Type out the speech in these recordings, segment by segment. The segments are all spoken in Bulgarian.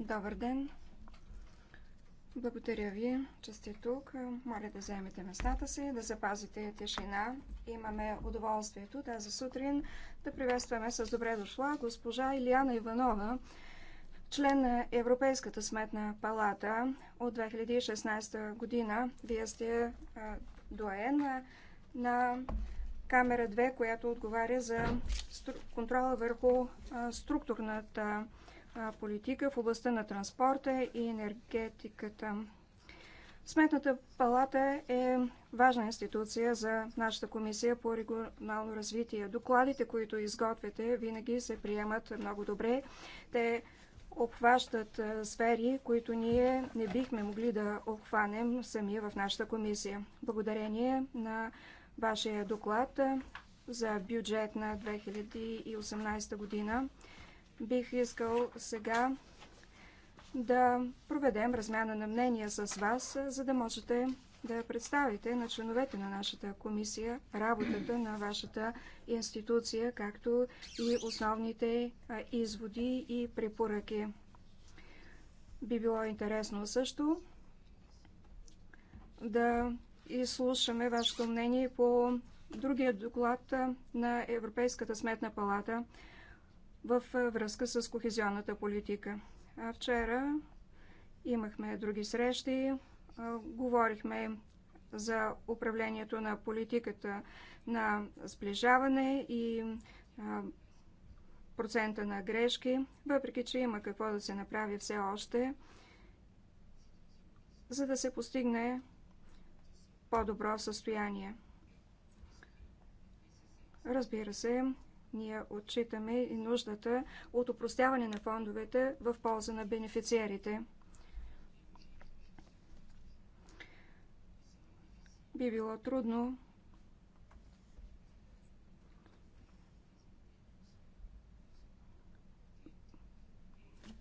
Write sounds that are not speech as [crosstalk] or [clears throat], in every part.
Добър ден! Благодаря ви, че сте тук. Моля да вземете местата си, да запазите тишина. Имаме удоволствието тази сутрин да приветстваме с добре дошла госпожа Илияна Иванова, член на Европейската сметна палата от 2016 година. Вие сте Доен на камера 2, която отговаря за контрола върху структурната политика в областта на транспорта и енергетиката. Сметната палата е важна институция за нашата комисия по регионално развитие. Докладите, които изготвяте, винаги се приемат много добре. Те обхващат сфери, които ние не бихме могли да обхванем сами в нашата комисия. Благодарение на вашия доклад за бюджет на 2018 година, бих искал сега да проведем размяна на мнения с вас, за да можете да представите на членовете на нашата комисия работата на вашата институция, както и основните изводи и препоръки. Би било интересно също да изслушаме вашето мнение по другия доклад на Европейската сметна палата в връзка с кохезионната политика. А вчера имахме други срещи говорихме за управлението на политиката на сближаване и процента на грешки, въпреки че има какво да се направи все още, за да се постигне по-добро състояние. Разбира се, ние отчитаме и нуждата от упростяване на фондовете в полза на бенефициерите – би било трудно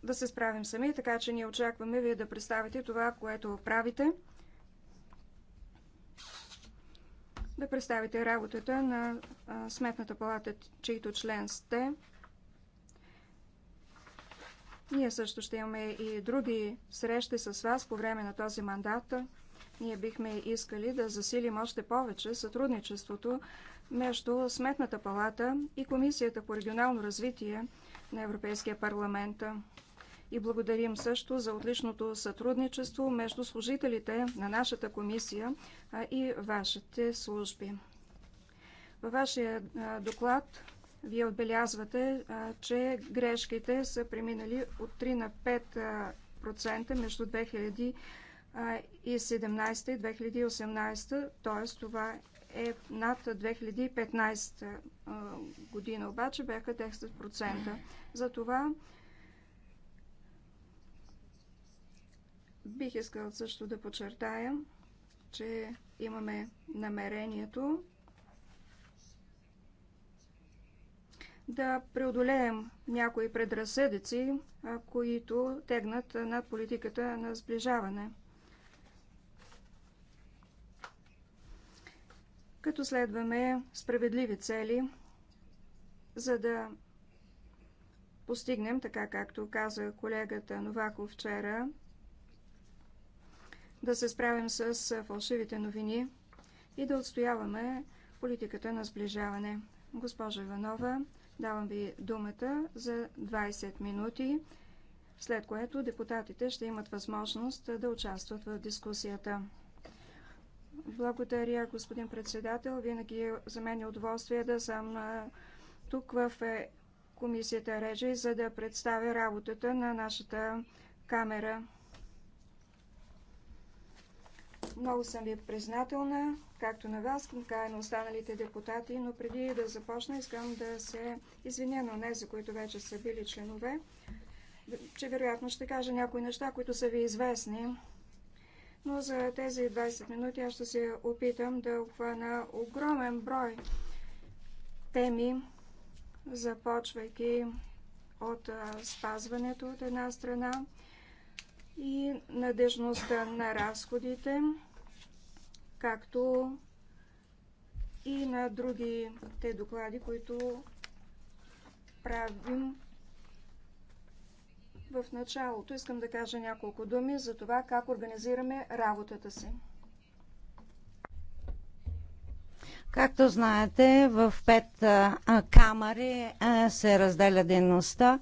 да се справим сами, така че ние очакваме вие да представите това, което правите. Да представите работата на Сметната палата, чието член сте. Ние също ще имаме и други срещи с вас по време на този мандат. Ние бихме искали да засилим още повече сътрудничеството между Сметната палата и Комисията по регионално развитие на Европейския парламент. И благодарим също за отличното сътрудничество между служителите на нашата комисия и вашите служби. Във вашия доклад вие отбелязвате, че грешките са преминали от 3 на 5% между 2000 и 2017 и 2018, т.е. това е над 2015 година, обаче бяха 10%. това бих искал също да подчертая, че имаме намерението да преодолеем някои предразсъдици, които тегнат над политиката на сближаване – като следваме справедливи цели, за да постигнем, така както каза колегата Новаков вчера, да се справим с фалшивите новини и да отстояваме политиката на сближаване. Госпожа Иванова, давам ви думата за 20 минути, след което депутатите ще имат възможност да участват в дискусията. Благодаря, господин председател. Винаги е за мен е удоволствие да съм тук в е, комисията Реджи, за да представя работата на нашата камера. Много съм ви признателна, както на вас, така и на останалите депутати, но преди да започна, искам да се извиня на тези, които вече са били членове, че вероятно ще кажа някои неща, които са ви известни но за тези 20 минути аз ще се опитам да обхвана огромен брой теми, започвайки от спазването от една страна и надежността на разходите, както и на другите доклади, които правим в началото искам да кажа няколко думи за това как организираме работата си. Както знаете, в пет а, камери а, е, се разделя дейността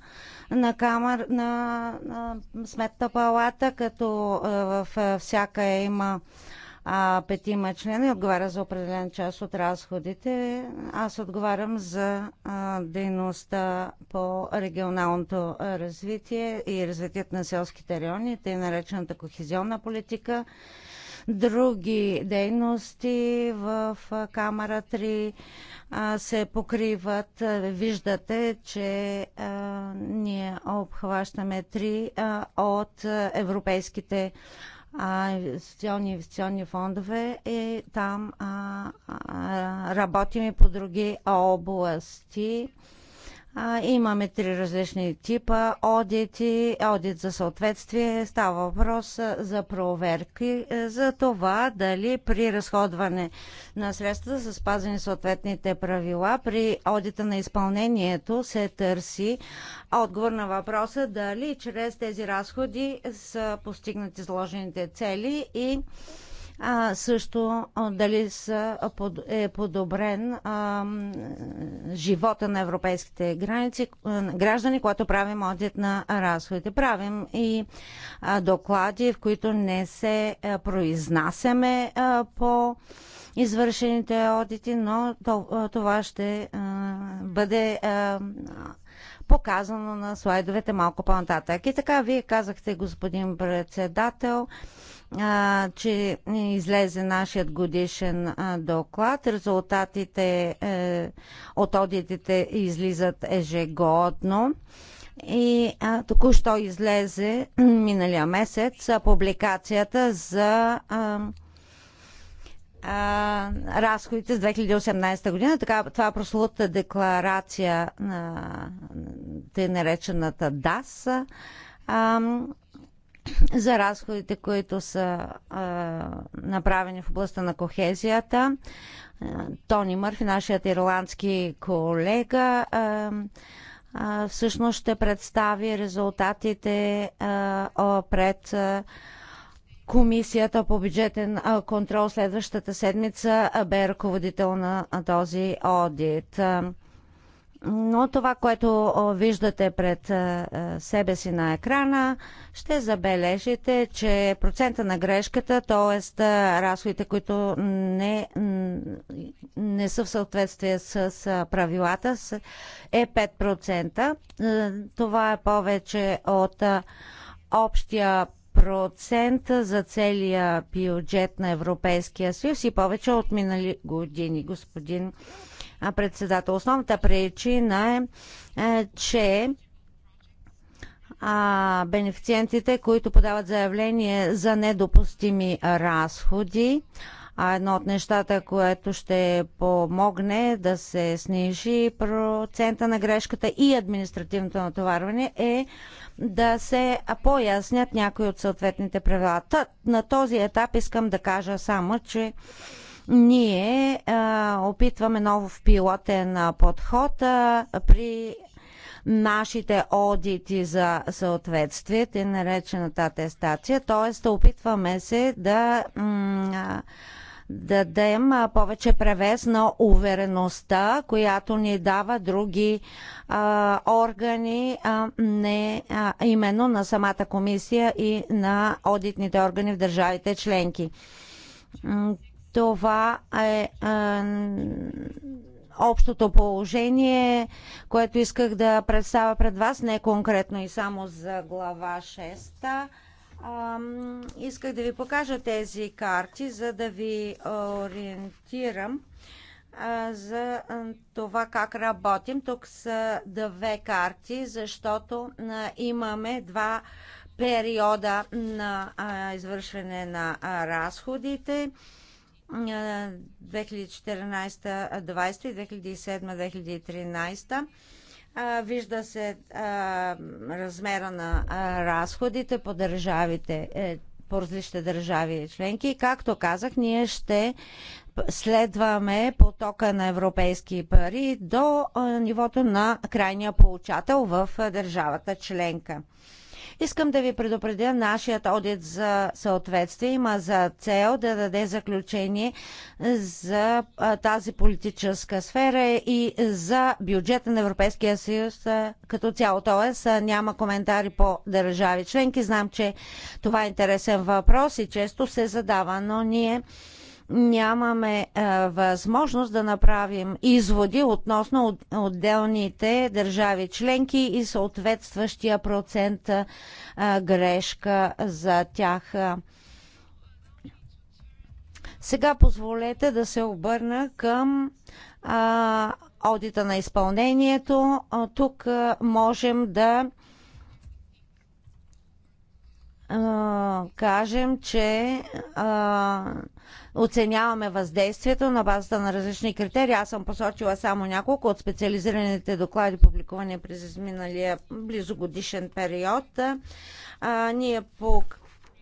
на, камер, на, на сметна палата, като а, в всяка е, има а, а, петима члена и отговаря за определен част от разходите. Аз отговарям за а, дейността по регионалното развитие и развитието на селските райони, тъй наречената кохезионна политика, други дейности в камера 3 се покриват. Виждате, че а, ние обхващаме три а, от европейските а, инвестиционни инвестиционни фондове и е там а, а, работим и по други области. А, имаме три различни типа одити, одит за съответствие, става въпрос за проверки, за това дали при разходване на средствата са спазени съответните правила, при одита на изпълнението се търси отговор на въпроса дали чрез тези разходи са постигнати заложените цели и а, също дали са, е подобрен а, живота на европейските граници, граждани, когато правим одит на разходите. Правим и а, доклади, в които не се а, произнасяме а, по извършените одити, но това ще а, бъде а, показано на слайдовете малко по-нататък. И така, вие казахте, господин председател, че излезе нашият годишен доклад. Резултатите е, от одитите излизат ежегодно. И току-що излезе миналия месец публикацията за а, а, разходите с 2018 година. Така, това е прослута декларация на те наречената ДАС. А, за разходите, които са а, направени в областта на кохезията. Тони Мърфи, нашият ирландски колега, а, а, всъщност ще представи резултатите а, пред а, Комисията по бюджетен контрол следващата седмица бе ръководител на този одит. Но това, което виждате пред е, е, себе си на екрана, ще забележите, че процента на грешката, т.е. разходите, които не, не са в съответствие с правилата, е 5%. Е, това е повече от общия процент за целия бюджет на Европейския съюз и повече от минали години, господин председател. Основната причина е, е, че а, бенефициентите, които подават заявление за недопустими разходи, а едно от нещата, което ще помогне да се снижи процента на грешката и административното натоварване е да се пояснят някои от съответните правила. на този етап искам да кажа само, че ние а, опитваме нов пилотен подход а, при нашите одити за съответствие, те наречената атестация, т.е. опитваме се да дадем повече превес на увереността, която ни дава други а, органи, а, не, а, именно на самата комисия и на одитните органи в държавите членки. Това е а, общото положение, което исках да представя пред вас, не конкретно и само за глава 6. А, исках да ви покажа тези карти, за да ви ориентирам а, за това как работим. Тук са две карти, защото а, имаме два периода на извършване на разходите. 2014-2020 и 2007-2013. Вижда се размера на разходите по държавите, е, по различните държави и членки. Както казах, ние ще следваме потока на европейски пари до нивото на крайния получател в държавата членка. Искам да ви предупредя, нашият одит за съответствие има за цел да даде заключение за тази политическа сфера и за бюджета на Европейския съюз като цяло. Тоест няма коментари по държави членки. Знам, че това е интересен въпрос и често се задава, но ние нямаме а, е, възможност да направим изводи относно от, отделните държави членки и съответстващия процент а, е, грешка за тях. Сега позволете да се обърна към а, е, одита на изпълнението. А, тук а, можем да а, кажем, че а, оценяваме въздействието на базата на различни критерии. Аз съм посочила само няколко от специализираните доклади, публикувани през изминалия близогодишен период. А, ние по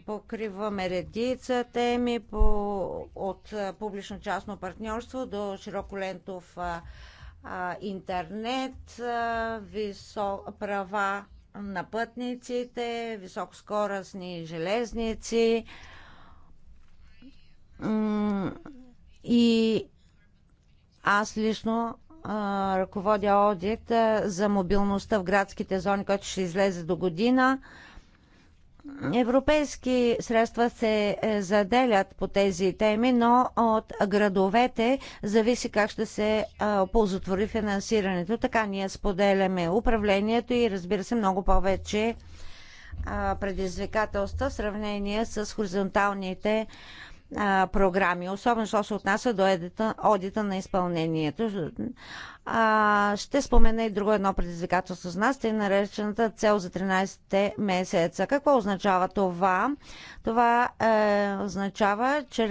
покриваме редица теми по, от публично-частно партньорство до широколентов а, интернет, а, висо, права на пътниците, високоскоростни железници, а, и аз лично а, ръководя одит а, за мобилността в градските зони, който ще излезе до година. Европейски средства се е, заделят по тези теми, но от градовете зависи как ще се ползотвори финансирането. Така ние споделяме управлението и разбира се много повече предизвикателства в сравнение с хоризонталните а, програми, особено що се отнася до едита, одита на изпълнението. А, ще спомена и друго едно предизвикателство с нас, тъй наречената цел за 13-те месеца. Какво означава това? Това е, означава, че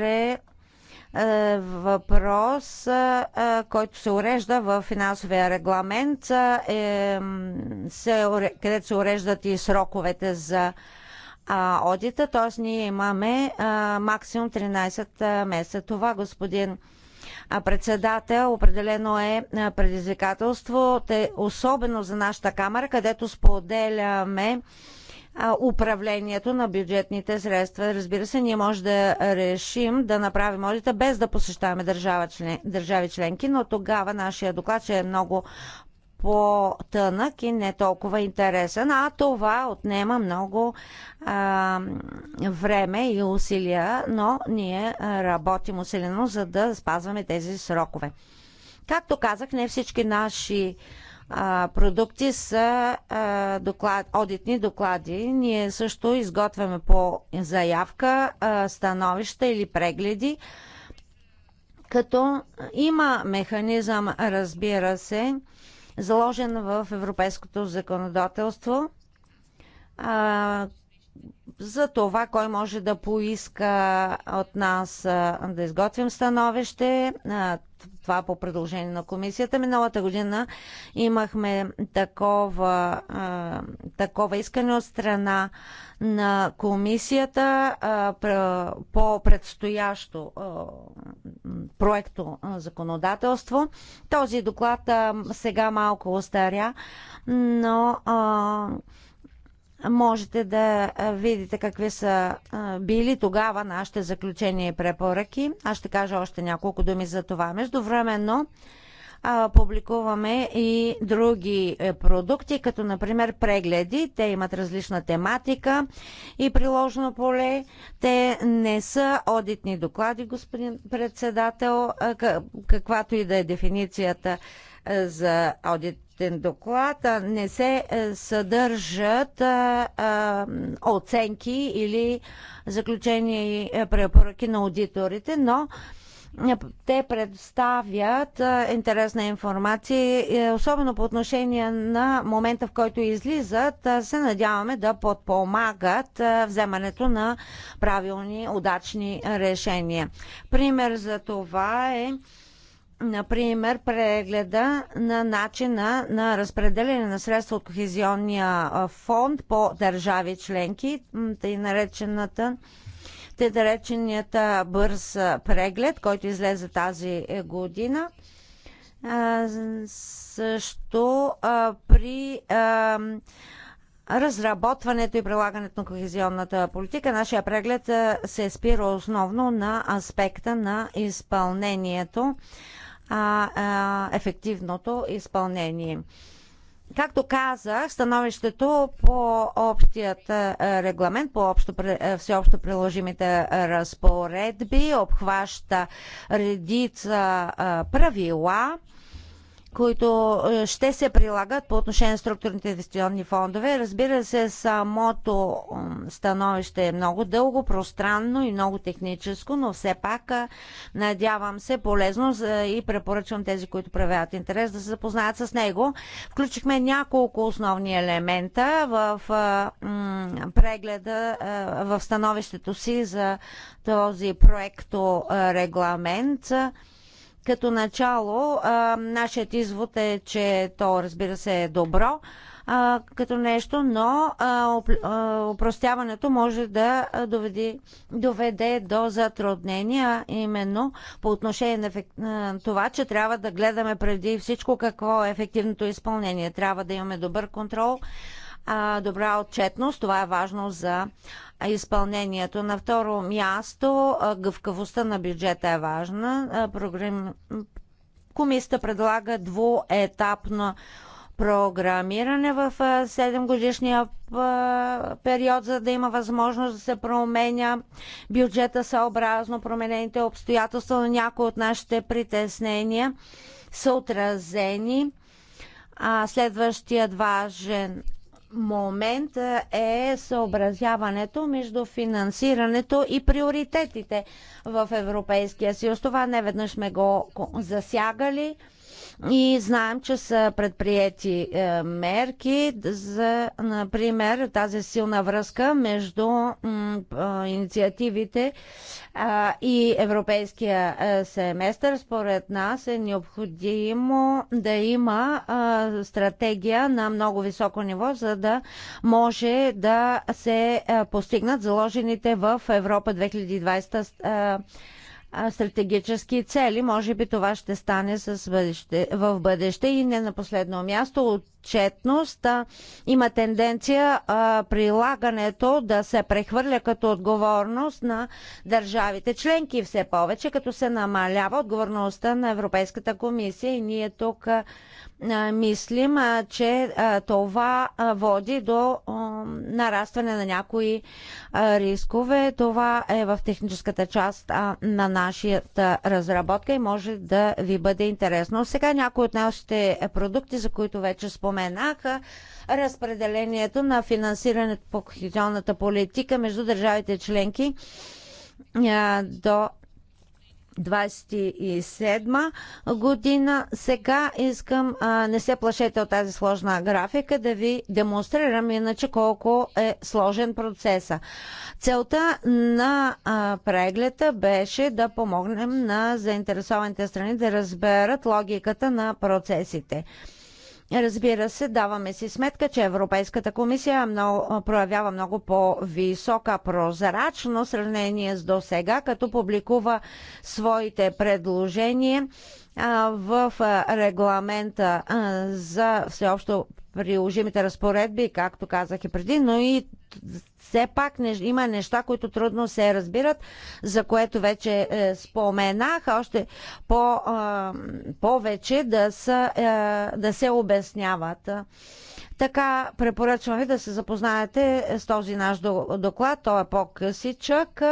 е, въпрос, е, който се урежда в финансовия регламент, е, се, където се уреждат и сроковете за а, одита, т.е. ние имаме а, максимум 13 месеца. Това, господин председател, определено е предизвикателство, те, особено за нашата камера, където споделяме управлението на бюджетните средства. Разбира се, ние може да решим да направим одита без да посещаваме държава, член, държави членки, но тогава нашия доклад ще е много по-тънък и не толкова интересен, а това отнема много а, време и усилия, но ние работим усилено, за да спазваме тези срокове. Както казах, не всички наши а, продукти са а, доклад, одитни доклади. Ние също изготвяме по заявка а, становища или прегледи, като има механизъм, разбира се, заложен в европейското законодателство а, за това кой може да поиска от нас а, да изготвим становище. А, това по предложение на комисията. Миналата година имахме такова, а, такова искане от страна на комисията а, по предстоящо а, проекто законодателство. Този доклад сега малко остаря, но можете да видите какви са били тогава нашите заключения и препоръки. Аз ще кажа още няколко думи за това. Междувременно публикуваме и други е, продукти, като например прегледи. Те имат различна тематика и приложено поле. Те не са одитни доклади, господин председател, каквато и да е дефиницията е, за одит годишен доклад не се е, съдържат е, е, оценки или заключения и препоръки на аудиторите, но те представят интересна информация, особено по отношение на момента, в който излизат, се надяваме да подпомагат вземането на правилни, удачни решения. Пример за това е Например, прегледа на начина на разпределение на средства от Кохезионния фонд по държави членки, тъй наречената те нареченият бърз преглед, който излезе тази е, година. също при разработването и прилагането на кохезионната политика, нашия преглед се спира основно на аспекта на изпълнението а, а, ефективното изпълнение. Както казах, становището по общият регламент, по общо, всеобщо приложимите разпоредби обхваща редица правила, които е, ще се прилагат по отношение на структурните инвестиционни фондове. Разбира се, самото становище е много дълго, пространно и много техническо, но все пак е, надявам се полезно и препоръчвам тези, които проявяват интерес да се запознаят с него. Включихме няколко основни елемента в е, прегледа, в становището си за този проекто регламент. Като начало, а, нашият извод е, че то, разбира се, е добро а, като нещо, но опростяването може да доведе, доведе до затруднения, именно по отношение на ефект, а, това, че трябва да гледаме преди всичко какво е ефективното изпълнение. Трябва да имаме добър контрол, а, добра отчетност. Това е важно за изпълнението. На второ място, гъвкавостта на бюджета е важна. Програм... Комисията предлага двуетапно програмиране в 7 годишния период, за да има възможност да се променя бюджета съобразно променените обстоятелства, на някои от нашите притеснения са отразени. А, следващият важен момент е съобразяването между финансирането и приоритетите в Европейския съюз. Това не веднъж сме го засягали и знаем, че са предприяти е, мерки за, например, тази силна връзка между инициативите и европейския е, семестър. Според нас е необходимо да има стратегия на много високо ниво, за да може да се е, постигнат заложените в Европа 2020 стратегически цели. Може би това ще стане с бъдеще, в бъдеще и не на последно място. От отчетност. Има тенденция прилагането да се прехвърля като отговорност на държавите членки все повече, като се намалява отговорността на Европейската комисия и ние тук мислим, че това води до нарастване на някои рискове. Това е в техническата част на нашата разработка и може да ви бъде интересно. Сега някои от нашите продукти, за които вече споменах, споменаха разпределението на финансирането по кохезионната политика между държавите членки до 27 година. Сега искам, а, не се плашете от тази сложна графика, да ви демонстрирам иначе колко е сложен процеса. Целта на а, прегледа беше да помогнем на заинтересованите страни да разберат логиката на процесите. Разбира се, даваме си сметка, че Европейската комисия много, проявява много по-висока прозрачност в сравнение с до сега, като публикува своите предложения в регламента за всеобщо приложимите разпоредби, както казах и преди, но и все пак не, има неща, които трудно се разбират, за което вече е, споменах, още по, е, повече да, са, е, да се обясняват. Така препоръчвам ви да се запознаете с този наш доклад. Той е по-късичък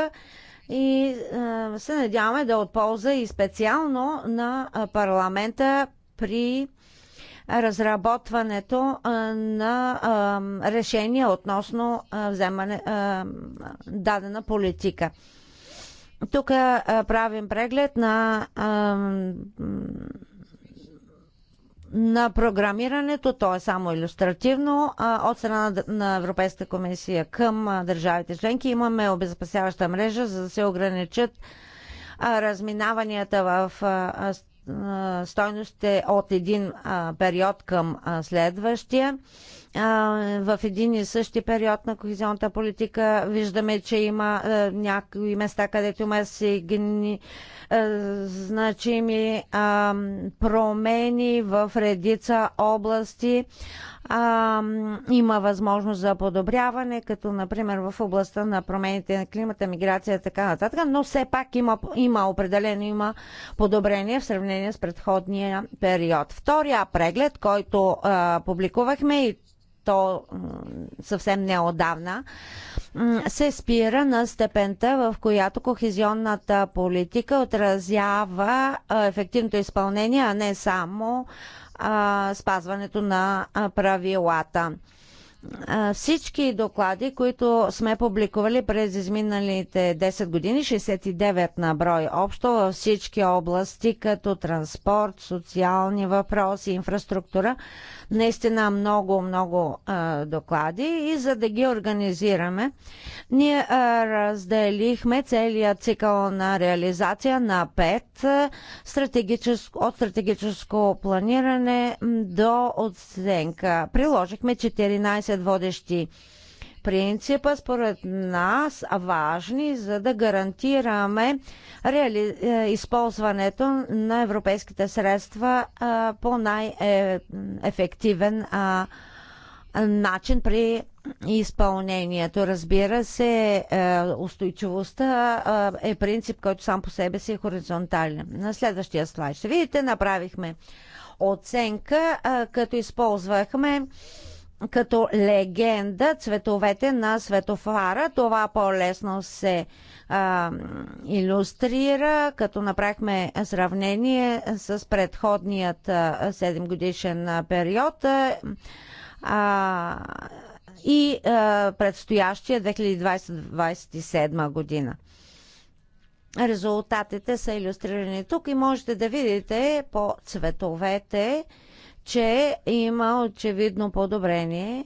и е, се надяваме да е отполза и специално на парламента при разработването на решения относно вземане дадена политика. Тук правим преглед на на програмирането, то е само иллюстративно, от страна на Европейската комисия към държавите членки имаме обезопасяваща мрежа, за да се ограничат разминаванията в стойностите от един период към следващия. В един и същи период на кохезионната политика виждаме, че има някои места, където има сигни е, значими промени в редица области. Има възможност за подобряване, като например в областта на промените на климата, миграция и така нататък, но все пак има, има определено има подобрение в сравнение с предходния период. Втория преглед, който публикувахме и то съвсем неодавна, се спира на степента, в която кохезионната политика отразява ефективното изпълнение, а не само спазването на правилата. Всички доклади, които сме публикували през изминалите 10 години, 69 на брой общо във всички области, като транспорт, социални въпроси, инфраструктура, наистина много-много доклади и за да ги организираме, ние разделихме целият цикъл на реализация на пет стратегическо, от стратегическо планиране до оценка. Приложихме 14 водещи принципа според нас важни, за да гарантираме реали... Е, използването на европейските средства а, е, по най-ефективен е, начин при изпълнението. Разбира се, устойчивостта е принцип, който сам по себе си е хоризонтален. На следващия слайд ще видите, направихме оценка, като използвахме като легенда цветовете на светофара. Това по-лесно се а, иллюстрира, като направихме сравнение с предходният 7 годишен период. А, и а, предстоящия 2027 година. Резултатите са иллюстрирани тук и можете да видите по цветовете а, че има очевидно подобрение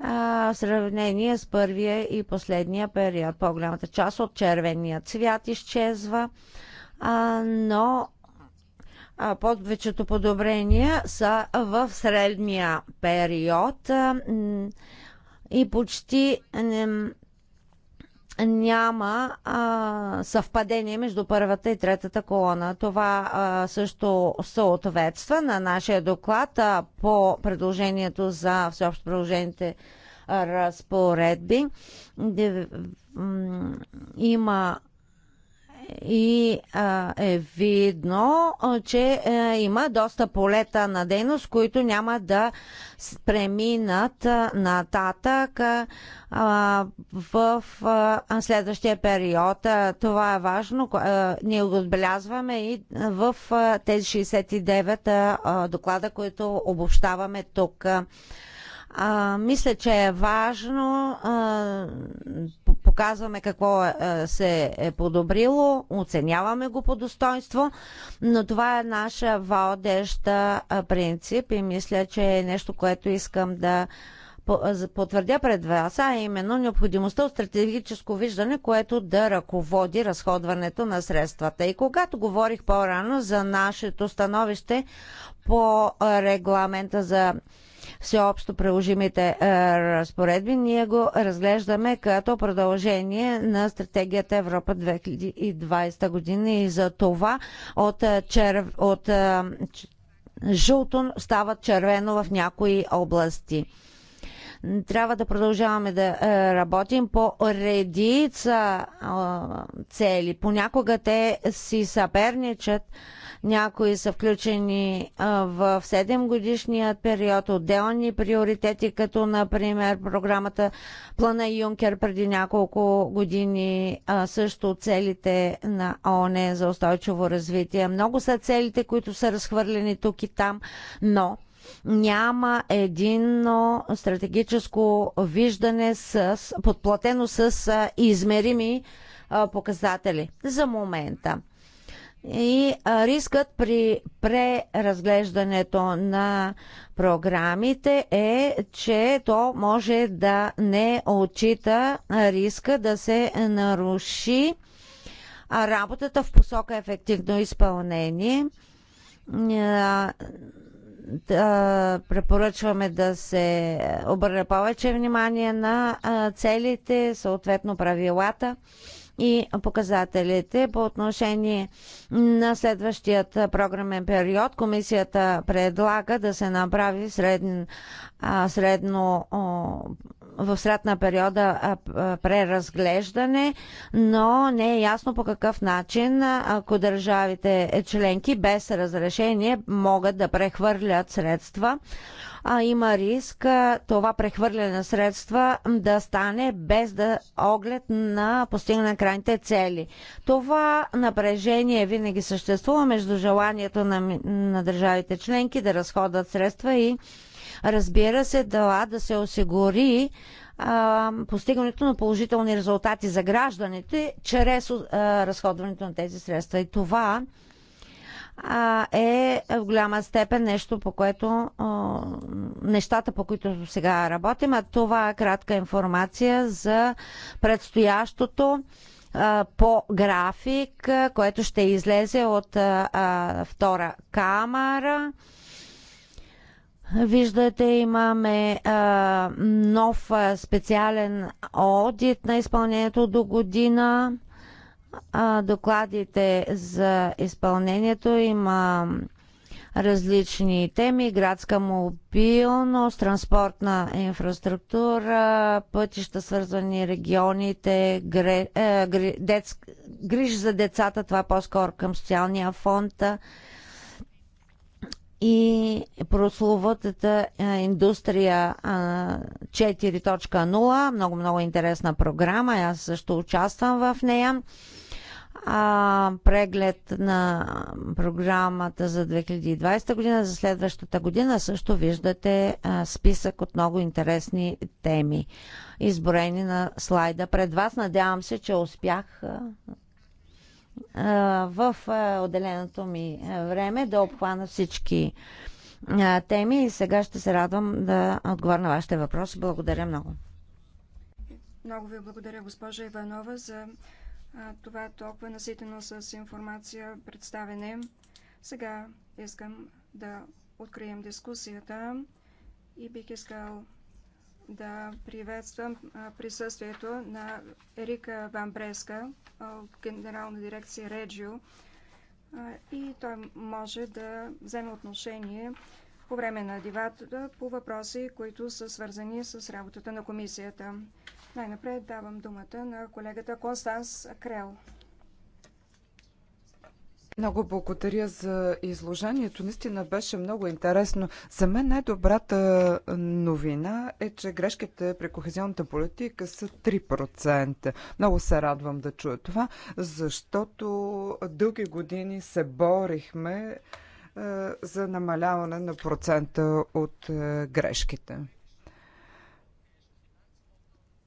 в сравнение с първия и последния период. По-голямата част от червения цвят изчезва, а, но а, повечето подобрения са в средния период а, и почти А, няма а, съвпадение между първата и третата колона. Това а, също съответства на нашия доклад а, по предложението за всеобщо предложените разпоредби. Де, има и а, е видно, че е, има доста полета на дейност, които няма да преминат нататък а, в а, следващия период. това е важно. А, ние го отбелязваме и в а, тези 69 а, доклада, които обобщаваме тук. А, мисля, че е важно а, показваме какво е, е, се е подобрило, оценяваме го по достоинство, но това е наша водеща е, принцип и мисля, че е нещо, което искам да потвърдя пред вас, а именно необходимостта от стратегическо виждане, което да ръководи разходването на средствата. И когато говорих по-рано за нашето становище по регламента за всеобщо приложимите е, разпоредби, ние го разглеждаме като продължение на стратегията Европа 2020 година и за това от, е, черв... от е, жълто става червено в някои области. Трябва да продължаваме да е, работим по редица е, цели. Понякога те си съперничат. Някои са включени е, в 7 годишният период, отделни приоритети, като например програмата Плана Юнкер преди няколко години, също целите на ООН за устойчиво развитие. Много са целите, които са разхвърлени тук и там, но няма едно стратегическо виждане с, подплатено с измерими показатели за момента. И рискът при преразглеждането на програмите е, че то може да не отчита риска да се наруши работата в посока ефективно изпълнение да препоръчваме да се обърне повече внимание на целите, съответно правилата и показателите. По отношение на следващият програмен период, комисията предлага да се направи средно средно в сред на периода преразглеждане, но не е ясно по какъв начин, ако държавите членки без разрешение могат да прехвърлят средства. А има риск това прехвърляне на средства да стане без да оглед на постигане на крайните цели. Това напрежение винаги съществува между желанието на, на държавите членки да разходят средства и Разбира се, дала да се осигури а, постигането на положителни резултати за гражданите чрез а, разходването на тези средства. И това а, е в голяма степен нещо, по което а, нещата, по които сега работим, а това е кратка информация за предстоящото по график, което ще излезе от а, втора камера. Виждате, имаме а, нов а, специален одит на изпълнението до година. А, докладите за изпълнението има различни теми. Градска мобилност, транспортна инфраструктура, пътища свързвани регионите, гре, а, е, гри, дец, гриж за децата, това по-скоро към социалния фонд и прословотата индустрия 4.0. Много, много интересна програма. Аз също участвам в нея. А, преглед на програмата за 2020 година, за следващата година също виждате а, списък от много интересни теми, изброени на слайда пред вас. Надявам се, че успях в отделеното ми време да обхвана всички теми и сега ще се радвам да отговоря на вашите въпроси. Благодаря много. Много ви благодаря, госпожа Иванова, за това толкова наситено с информация представене. Сега искам да открием дискусията и бих искал да приветствам присъствието на Ерика Вамбреска от Генерална дирекция Реджио и той може да вземе отношение по време на дебата по въпроси, които са свързани с работата на комисията. Най-напред давам думата на колегата Констанс Крел. Много благодаря за изложението. Наистина беше много интересно. За мен най-добрата новина е, че грешките при кохезионната политика са 3%. Много се радвам да чуя това, защото дълги години се борихме за намаляване на процента от грешките.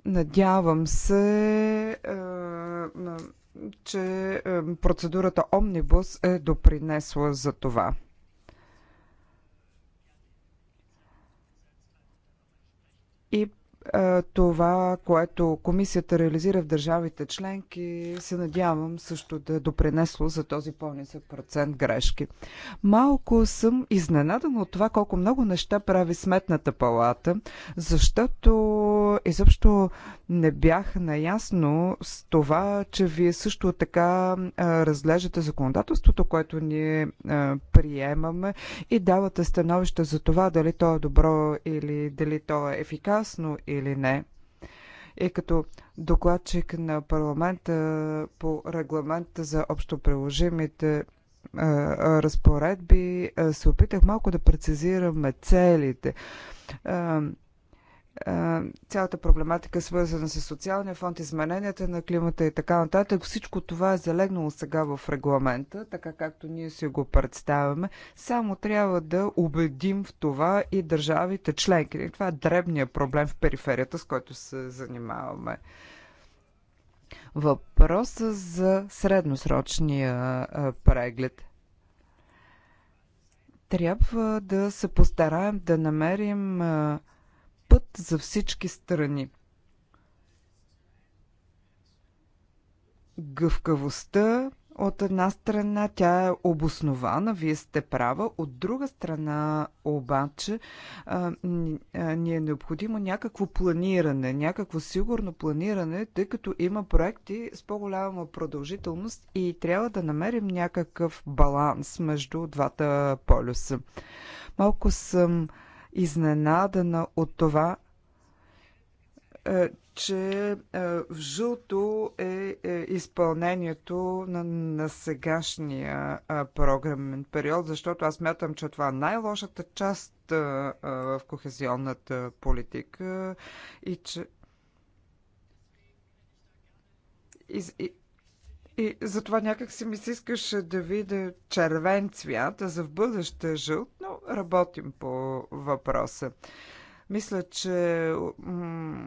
Надявам се че е, процедурата Омнибус е допринесла за това. И това, което комисията реализира в държавите членки, се надявам също да е допренесло за този по-нисък процент грешки. Малко съм изненадана от това колко много неща прави сметната палата, защото изобщо не бях наясно с това, че вие също така разглеждате законодателството, което ние приемаме и давате становище за това дали то е добро или дали то е ефикасно или не. И като докладчик на парламента по регламента за общо приложимите разпоредби се опитах малко да прецизираме целите цялата проблематика, свързана с социалния фонд, измененията на климата и така нататък. Всичко това е залегнало сега в регламента, така както ние си го представяме. Само трябва да убедим в това и държавите членки. Това е дребният проблем в периферията, с който се занимаваме. Въпроса за средносрочния преглед трябва да се постараем да намерим път за всички страни. Гъвкавостта от една страна тя е обоснована, вие сте права, от друга страна обаче а, а, ни е необходимо някакво планиране, някакво сигурно планиране, тъй като има проекти с по-голяма продължителност и трябва да намерим някакъв баланс между двата полюса. Малко съм изненадана от това, е, че в е, жълто е, е изпълнението на, на сегашния програмен период, защото аз мятам, че това е най-лошата част в кохезионната политика и че. И затова някак си ми се искаше да видя червен цвят, а за в бъдеще жълт, но работим по въпроса. Мисля, че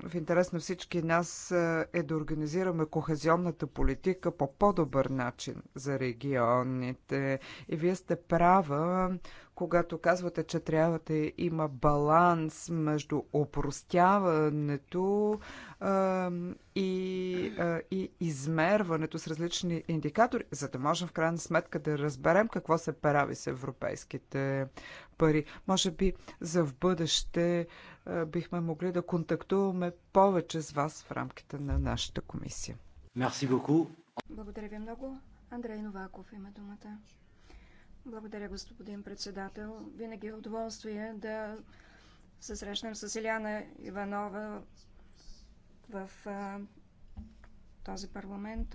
в интерес на всички нас е да организираме кохезионната политика по по-добър начин за регионите. И вие сте права, когато казвате, че трябва да има баланс между опростяването а, и, а, и измерването с различни индикатори, за да можем в крайна сметка да разберем какво се прави с европейските пари. Може би за в бъдеще а, бихме могли да контактуваме повече с вас в рамките на нашата комисия. Благодаря ви много. Андрей Новаков има думата. Благодаря, господин председател. Винаги е удоволствие да се срещнем с Иляна Иванова в а, този парламент.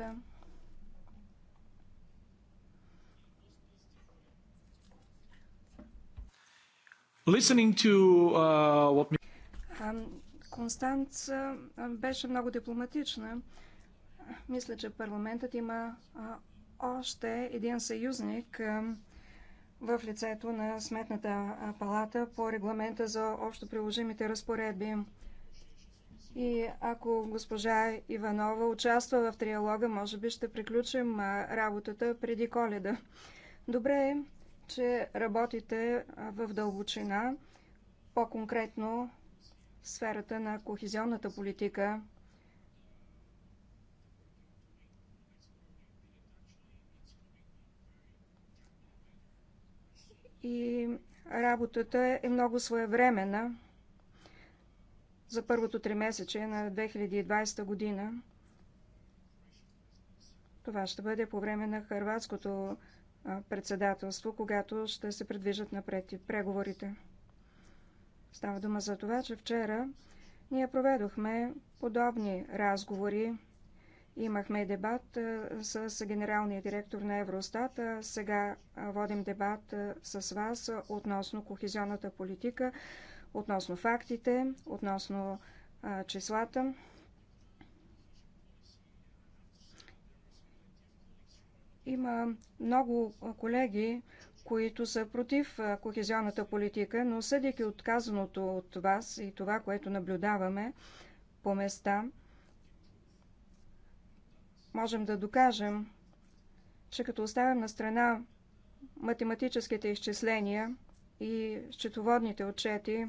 Listening to uh, what... Констанц беше много дипломатична. Мисля, че парламентът има още един съюзник в лицето на Сметната палата по регламента за общо приложимите разпоредби. И ако госпожа Иванова участва в триалога, може би ще приключим работата преди коледа. Добре е, че работите в дълбочина, по-конкретно в сферата на кохезионната политика – и работата е много своевременна за първото три месече на 2020 година. Това ще бъде по време на хърватското председателство, когато ще се предвижат напред и преговорите. Става дума за това, че вчера ние проведохме подобни разговори Имахме дебат с генералния директор на Евростат. Сега водим дебат с вас относно кохезионната политика, относно фактите, относно числата. Има много колеги, които са против кохезионната политика, но съдейки отказаното от вас и това, което наблюдаваме по места – можем да докажем, че като оставим на страна математическите изчисления и счетоводните отчети,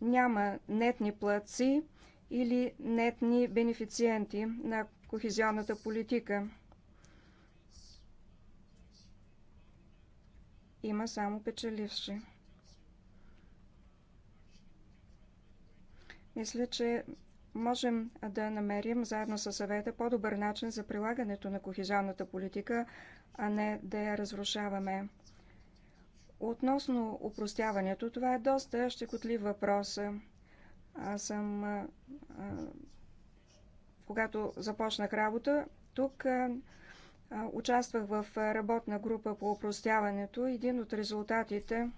няма нетни платци или нетни бенефициенти на кохезионната политика. Има само печеливши. Мисля, че можем да намерим заедно със съвета по-добър начин за прилагането на кохезионната политика, а не да я разрушаваме. Относно упростяването, това е доста щекотлив въпрос. Аз съм... А, а, когато започнах работа, тук а, участвах в работна група по упростяването. Един от резултатите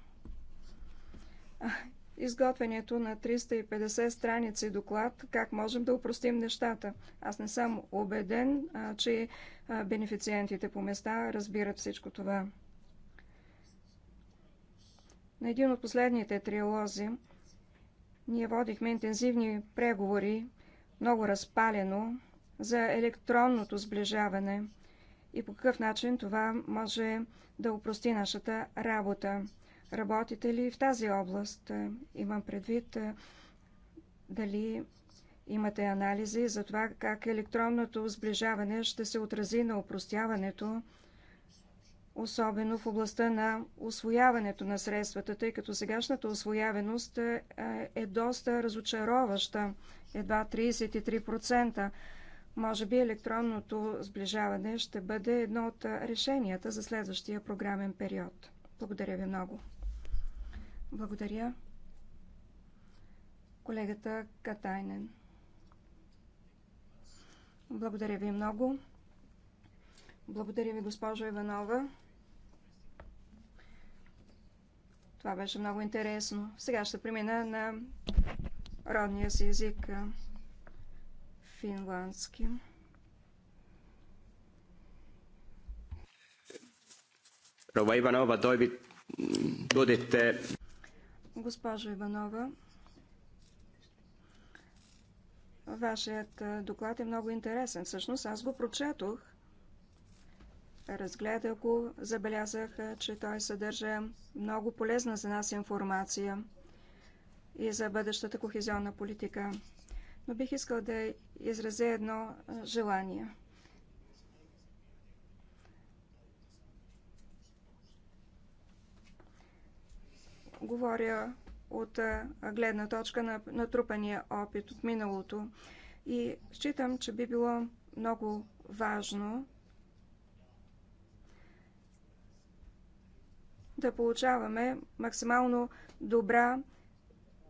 изготвянето на 350 страници доклад, как можем да упростим нещата. Аз не съм убеден, че бенефициентите по места разбират всичко това. На един от последните триолози ние водихме интензивни преговори, много разпалено, за електронното сближаване и по какъв начин това може да упрости нашата работа. Работите ли в тази област? Е, имам предвид е, дали имате анализи за това как електронното сближаване ще се отрази на упростяването, особено в областта на освояването на средствата, тъй като сегашната освояваност е, е доста разочароваща, едва 33%. Може би електронното сближаване ще бъде едно от решенията за следващия програмен период. Благодаря ви много. Благодаря. Колегата Катайнен. Благодаря ви много. Благодаря ви, госпожо Иванова. Това беше много интересно. Сега ще премина на родния си език финландски. Rova Ivanova, toivit, mm, tuotitte Госпожо Иванова, вашият доклад е много интересен. Всъщност аз го прочетох, разгледах го, забелязах, че той съдържа много полезна за нас информация и за бъдещата кохезионна политика. Но бих искал да изразя едно желание. Говоря от гледна точка на натрупания опит от миналото. И считам, че би било много важно да получаваме максимално добра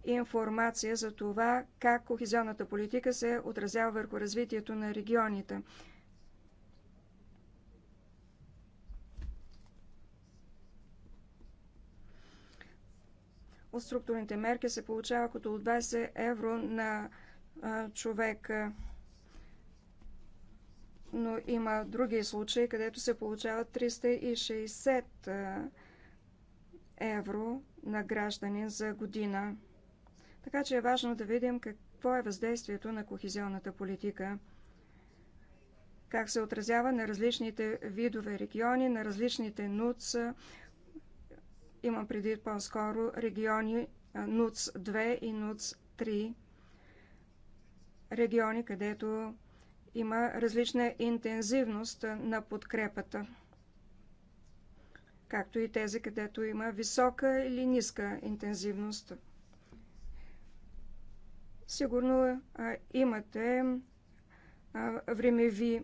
информация за това как кохезионната политика се отразява върху развитието на регионите. от структурните мерки се получават около 20 евро на човек. Но има други случаи, където се получават 360 евро на гражданин за година. Така че е важно да видим какво е въздействието на кохезионната политика, как се отразява на различните видове региони, на различните нуца. Имам преди по-скоро региони НУЦ-2 и НУЦ-3. Региони, където има различна интензивност на подкрепата, както и тези, където има висока или ниска интензивност. Сигурно а, имате а, времеви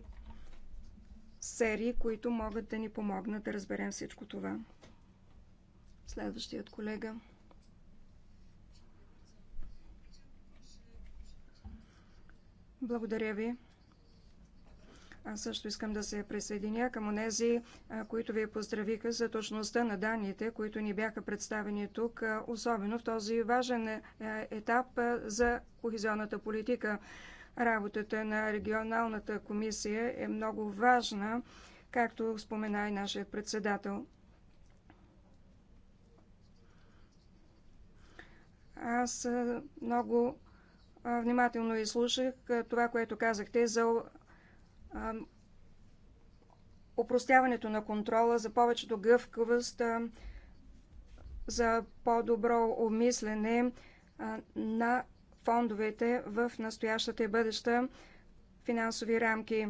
серии, които могат да ни помогнат да разберем всичко това. Следващият колега. Благодаря ви. Аз също искам да се присъединя към онези, които ви поздравиха за точността на данните, които ни бяха представени тук, особено в този важен етап за кохезионната политика. Работата на регионалната комисия е много важна, както спомена и нашият председател. Аз много внимателно изслушах това, което казахте за опростяването на контрола, за повечето гъвкавост, за по-добро обмислене на фондовете в настоящата и бъдеща финансови рамки.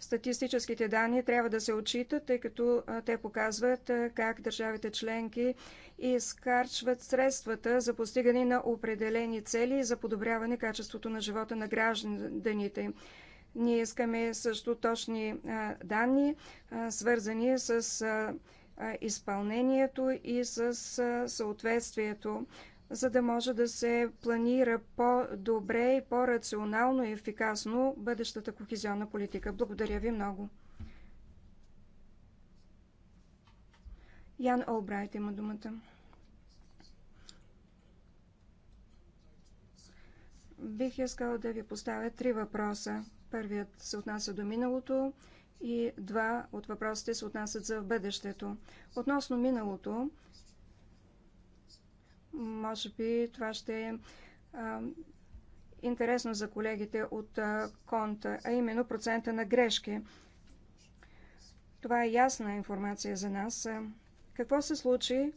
Статистическите данни трябва да се отчитат, тъй като те показват как държавите членки изкарчват средствата за постигане на определени цели и за подобряване качеството на живота на гражданите. Ние искаме също точни данни, свързани с изпълнението и с съответствието за да може да се планира по-добре и по-рационално и ефикасно бъдещата кохезионна политика. Благодаря ви много. Ян Олбрайт има думата. Бих искал да ви поставя три въпроса. Първият се отнася до миналото и два от въпросите се отнасят за бъдещето. Относно миналото, може би това ще е интересно за колегите от конта, а именно процента на грешки. Това е ясна информация за нас. Какво се случи,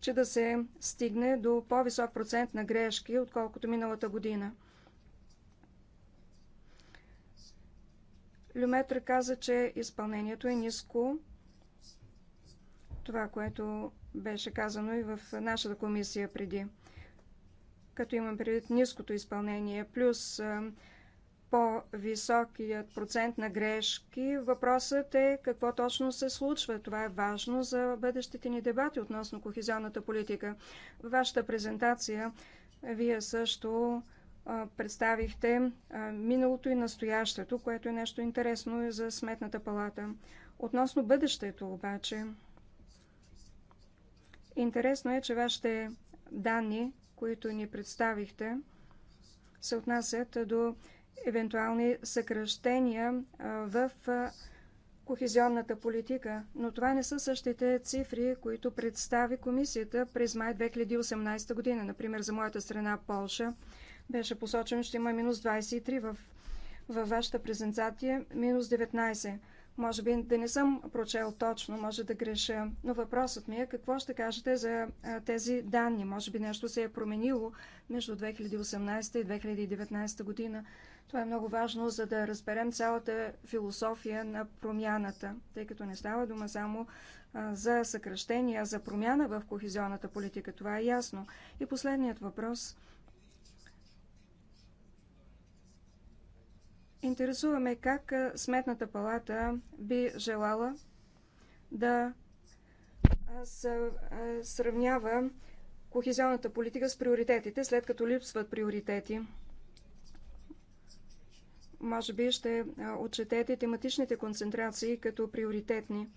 че да се стигне до по-висок процент на грешки, отколкото миналата година? Люметър каза, че изпълнението е ниско това, което беше казано и в нашата комисия преди. Като имам предвид ниското изпълнение, плюс по-високият процент на грешки, въпросът е какво точно се случва. Това е важно за бъдещите ни дебати относно кохезионната политика. В вашата презентация вие също представихте миналото и настоящето, което е нещо интересно и за Сметната палата. Относно бъдещето обаче, Интересно е, че вашите данни, които ни представихте, се отнасят до евентуални съкръщения в кохезионната политика, но това не са същите цифри, които представи комисията през май 2018 година. Например, за моята страна Полша беше посочено, че има минус 23 в, във вашата презентация, минус 19. Може би да не съм прочел точно, може да греша, но въпросът ми е какво ще кажете за тези данни. Може би нещо се е променило между 2018 и 2019 година. Това е много важно, за да разберем цялата философия на промяната, тъй като не става дума само за съкръщения, за промяна в кохизионната политика. Това е ясно. И последният въпрос – интересуваме как Сметната палата би желала да сравнява кохезионната политика с приоритетите, след като липсват приоритети. Може би ще отчетете тематичните концентрации като приоритетни.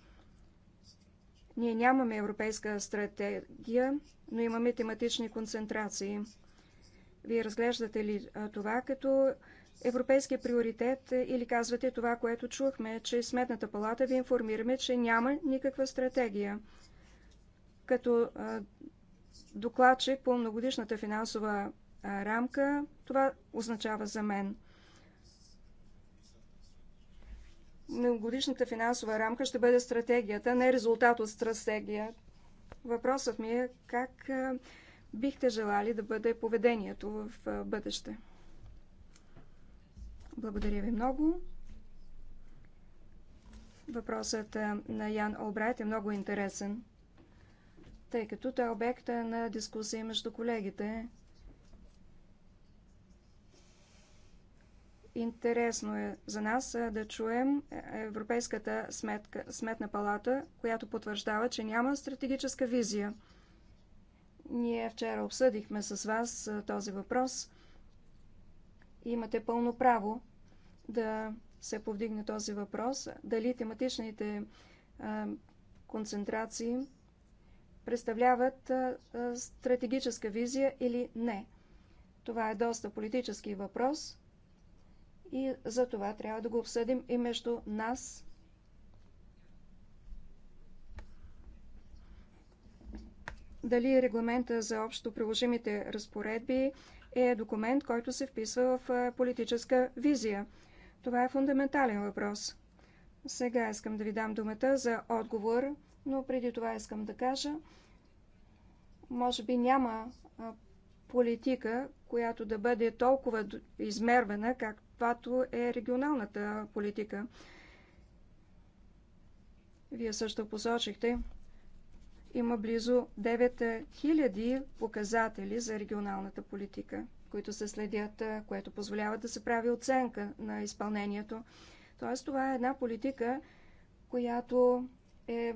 Ние нямаме европейска стратегия, но имаме тематични концентрации. Вие разглеждате ли това като Европейския приоритет е, или казвате това, което чухме, че Сметната палата ви информираме, че няма никаква стратегия. Като докладчик по многодишната финансова рамка, това означава за мен. Многодишната финансова рамка ще бъде стратегията, не резултат от стратегия. Въпросът ми е как бихте желали да бъде поведението в бъдеще. Благодаря ви много. Въпросът на Ян Олбрайт е много интересен, тъй като той е обект на дискусия между колегите. Интересно е за нас да чуем Европейската сметка, сметна палата, която потвърждава, че няма стратегическа визия. Ние вчера обсъдихме с вас този въпрос – и имате пълно право да се повдигне този въпрос. Дали тематичните концентрации представляват стратегическа визия или не. Това е доста политически въпрос и за това трябва да го обсъдим и между нас. Дали регламента за общо приложимите разпоредби е документ, който се вписва в политическа визия? Това е фундаментален въпрос. Сега искам да ви дам думата за отговор, но преди това искам да кажа, може би няма политика, която да бъде толкова измервана, каквато е регионалната политика. Вие също посочихте, има близо 9000 показатели за регионалната политика, които се следят, което позволява да се прави оценка на изпълнението. Тоест, това е една политика, която е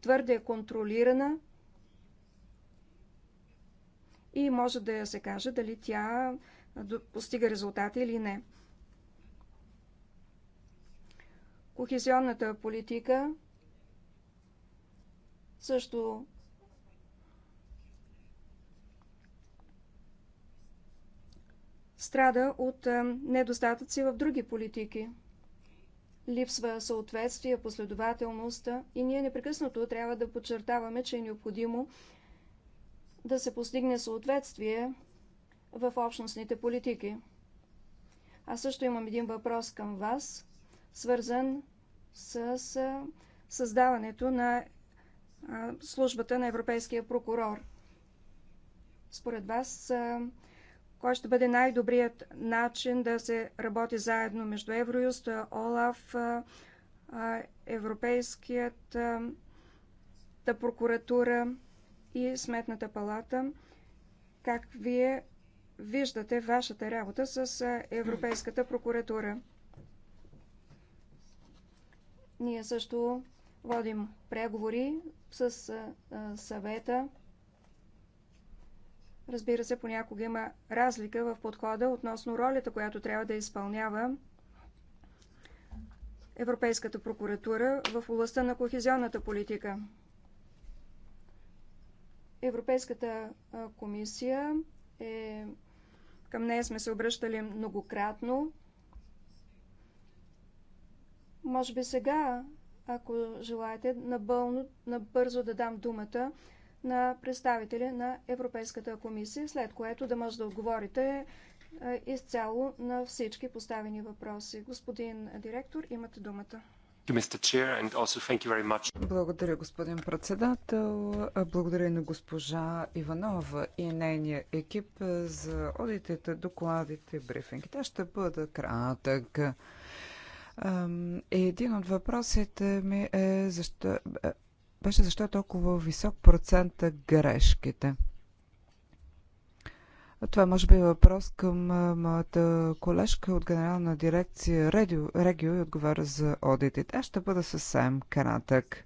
твърде контролирана и може да се каже дали тя постига резултата или не. Кохезионната политика също страда от недостатъци в други политики. Липсва съответствие, последователност и ние непрекъснато трябва да подчертаваме, че е необходимо да се постигне съответствие в общностните политики. Аз също имам един въпрос към вас, свързан с създаването на службата на Европейския прокурор. Според вас, кой ще бъде най-добрият начин да се работи заедно между Евроюст, ОЛАФ, Европейският прокуратура и Сметната палата? Как вие виждате вашата работа с Европейската прокуратура? Ние също водим преговори с съвета. Разбира се, понякога има разлика в подхода относно ролята, която трябва да изпълнява Европейската прокуратура в областта на кохезионната политика. Европейската комисия е... Към нея сме се обръщали многократно. Може би сега ако желаете, набълно, набързо да дам думата на представителя на Европейската комисия, след което да може да отговорите е, изцяло на всички поставени въпроси. Господин директор, имате думата. Благодаря, господин председател. Благодаря и на госпожа Иванова и нейния екип за одитите, докладите, брифингите. ще бъда кратък. Един от въпросите ми е защо, е, беше защо е толкова висок процента грешките. Това може би е въпрос към моята колежка от Генерална дирекция Регио, Регио и отговаря за одитите. Аз ще бъда съвсем кратък.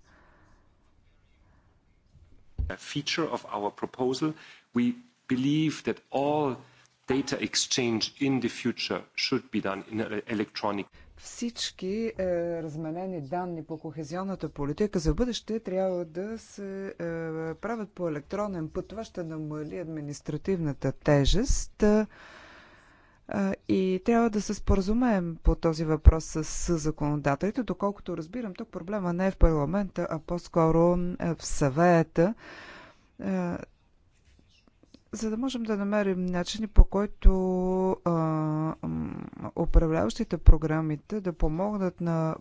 Data exchange in the future should be done in electronic всички е, разменени данни по кохезионната политика за бъдеще трябва да се е, правят по електронен път. Това ще намали административната тежест. Е, и трябва да се споразумеем по този въпрос с законодателите. Доколкото разбирам, тук проблема не е в парламента, а по-скоро е, в съвета е, за да можем да намерим начини по който а, управляващите програмите да помогнат на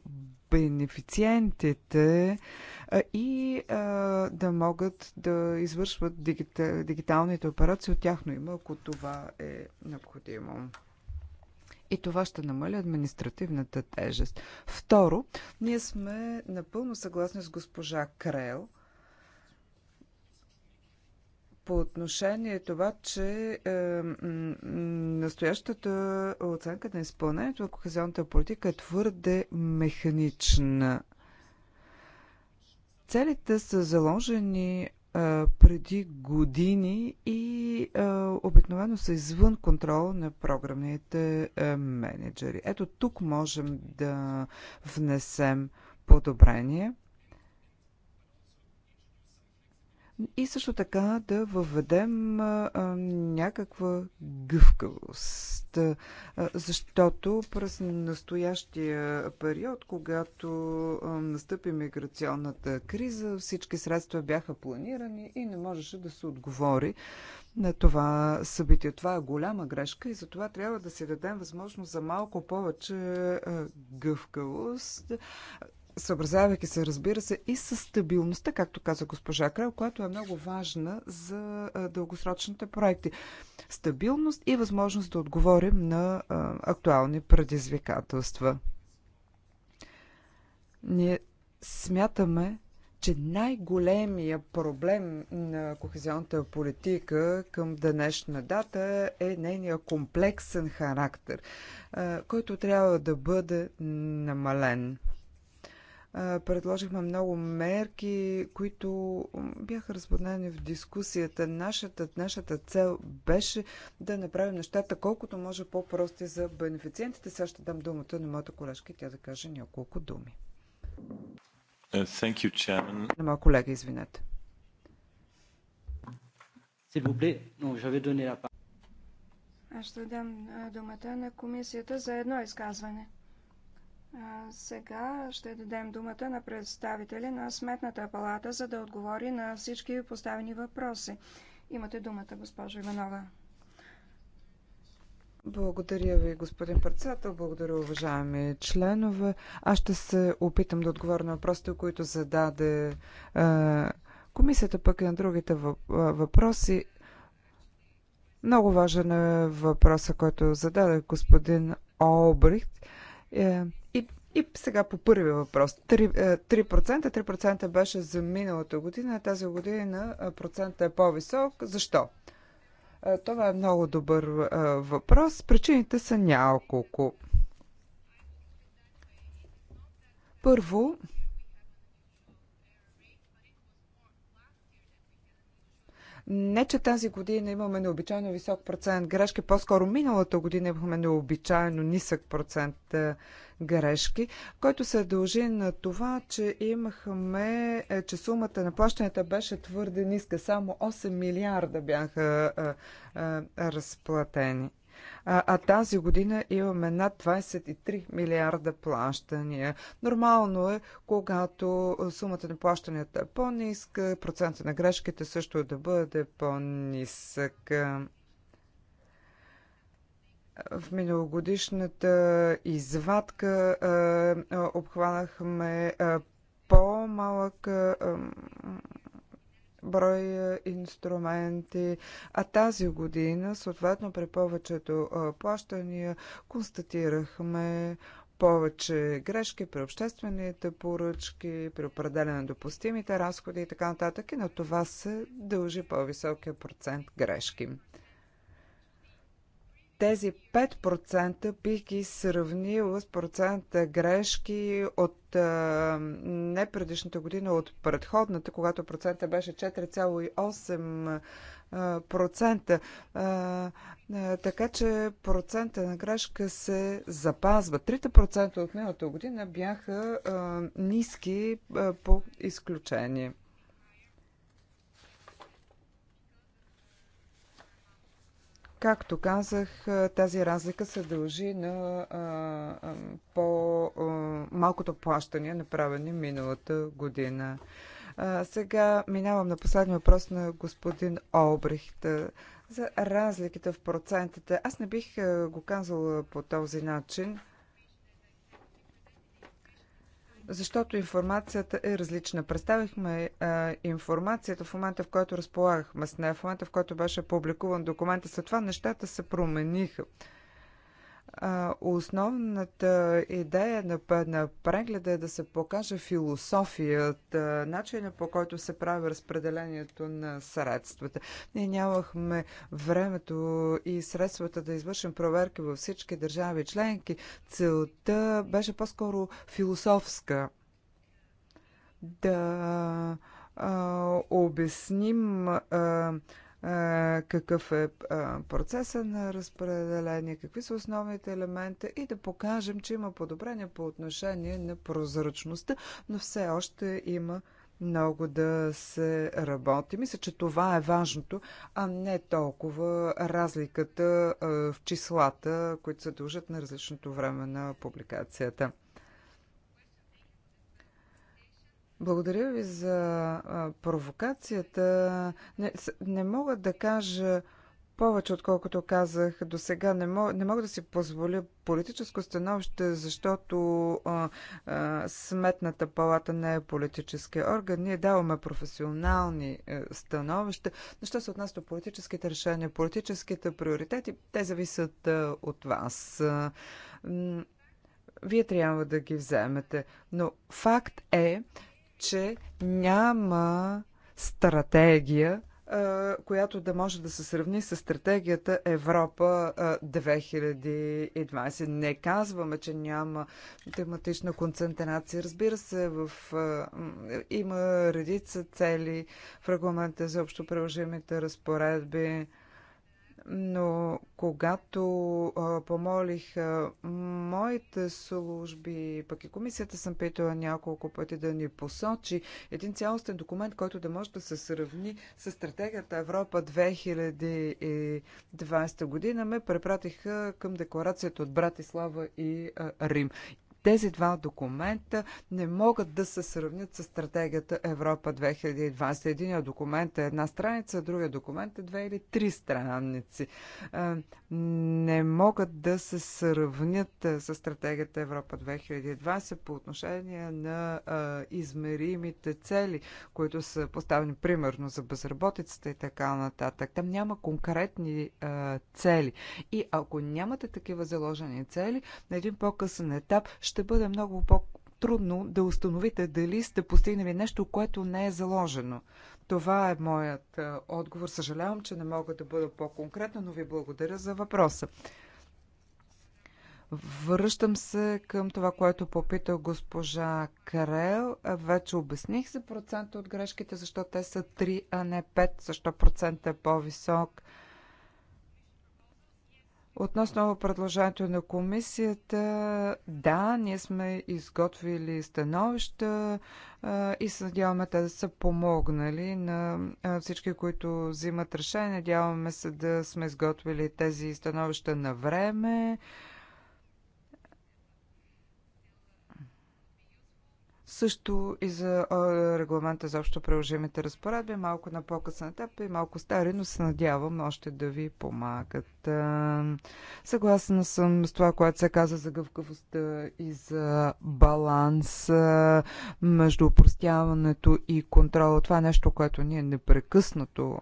бенефициентите а, и а, да могат да извършват дигитал, дигиталните операции от тяхно има, ако това е необходимо. И това ще намали административната тежест. Второ, ние сме напълно съгласни с госпожа Крел – по отношение това, че е, настоящата оценка на изпълнението на кохезионната политика е твърде механична. Целите са заложени е, преди години и е, обикновено са извън контрол на програмните е, менеджери. Ето тук можем да внесем подобрение. И също така да въведем а, някаква гъвкавост, а, защото през настоящия период, когато а, настъпи миграционната криза, всички средства бяха планирани и не можеше да се отговори на това събитие. Това е голяма грешка и затова трябва да си дадем възможност за малко повече гъвкавост съобразявайки се, разбира се, и с стабилността, както каза госпожа Крел, която е много важна за дългосрочните проекти. Стабилност и възможност да отговорим на актуални предизвикателства. Ние смятаме, че най-големия проблем на кохезионната политика към днешна дата е нейния комплексен характер, който трябва да бъде намален предложихме много мерки, които бяха разпознани в дискусията. Нашата, нашата цел беше да направим нещата колкото може по-прости за бенефициентите. Сега ще дам думата на моята колежка и тя да каже няколко думи. Uh, thank you, chairman. На моя колега, извинете. Аз ще дам думата на комисията за едно изказване. Сега ще дадем думата на представители на Сметната палата, за да отговори на всички поставени въпроси. Имате думата, госпожо Иванова. Благодаря ви, господин председател. Благодаря, уважаеми членове. Аз ще се опитам да отговоря на въпросите, които зададе комисията, пък и на другите въпроси. Много важен е въпроса, който зададе господин Олбрихт е, и, и сега по първи въпрос. 3%, 3%, 3% беше за миналата година, тази година е, процентът е по-висок. Защо? Е, това е много добър въпрос. Причините са няколко. Първо, Не, че тази година имаме необичайно висок процент грешки, по-скоро миналата година имахме необичайно нисък процент е, грешки, който се дължи на това, че имахме, е, че сумата на плащанията беше твърде ниска. Само 8 милиарда бяха е, разплатени. А, а тази година имаме над 23 милиарда плащания. Нормално е, когато сумата на плащанията е по-ниска, процента на грешките също е да бъде по-нисък. В миналогодишната извадка обхванахме по-малък брой е, инструменти, а тази година, съответно при повечето е, плащания, констатирахме повече грешки при обществените поръчки, при определяне на допустимите разходи и така нататък. И на това се дължи по-високия процент грешки тези 5% бих ги сравнила с процента грешки от а, не предишната година, от предходната, когато процента беше 4,8%. Така че процента на грешка се запазва. 3% от миналата година бяха а, ниски а, по изключение. Както казах, тази разлика се дължи на по-малкото плащания, направени миналата година. А, сега минавам на последния въпрос на господин Олбрихт. За разликите в процентите. Аз не бих го казала по този начин защото информацията е различна. Представихме а, информацията в момента, в който разполагахме с нея, в момента, в който беше публикуван документа. След това нещата се промениха основната идея на, на прегледа е да се покаже философията, начина по който се прави разпределението на средствата. Ние нямахме времето и средствата да извършим проверки във всички държави членки. Целта беше по-скоро философска. Да а, обясним а, какъв е процеса на разпределение, какви са основните елементи и да покажем, че има подобрение по отношение на прозрачността, но все още има много да се работи. Мисля, че това е важното, а не толкова разликата в числата, които се дължат на различното време на публикацията. Благодаря ви за провокацията. Не, не мога да кажа повече, отколкото казах до сега. Не, мог, не мога да си позволя политическо становище, защото а, а, Сметната палата не е политически орган. Ние даваме професионални а, е, становища. Но що се отнася до политическите решения, политическите приоритети, те зависят а, е, от вас. А, вие трябва да ги вземете. Но факт е, че няма стратегия, която да може да се сравни с стратегията Европа 2020. Не казваме, че няма тематична концентрация. Разбира се, в, има редица цели в регламента за общо разпоредби но когато а, помолих а, моите служби, пък и комисията съм питала няколко пъти да ни посочи един цялостен документ, който да може да се сравни с стратегията Европа 2020 година, ме препратиха към декларацията от Братислава и а, Рим. Тези два документа не могат да се сравнят с стратегията Европа 2020. Единия документ е една страница, другия документ е две или три страници. Не могат да се сравнят с стратегията Европа 2020 по отношение на измеримите цели, които са поставени примерно за безработицата и така нататък. Там няма конкретни цели. И ако нямате такива заложени цели, на един по-късен етап ще ще бъде много по-трудно да установите дали сте постигнали нещо, което не е заложено. Това е моят е, отговор. Съжалявам, че не мога да бъда по-конкретна, но ви благодаря за въпроса. Връщам се към това, което попита госпожа Карел. Вече обясних за процента от грешките, защо те са 3, а не 5, защо процентът е по-висок. Относно предложението на комисията, да, ние сме изготвили становища и се надяваме те да са помогнали на всички, които взимат решение. Надяваме се да сме изготвили тези становища на време също и за регламента за общо приложимите разпоредби, малко на по късна етап и малко стари, но се надявам още да ви помагат. Съгласна съм с това, което се каза за гъвкавостта и за баланс между упростяването и контрола. Това е нещо, което ние непрекъснато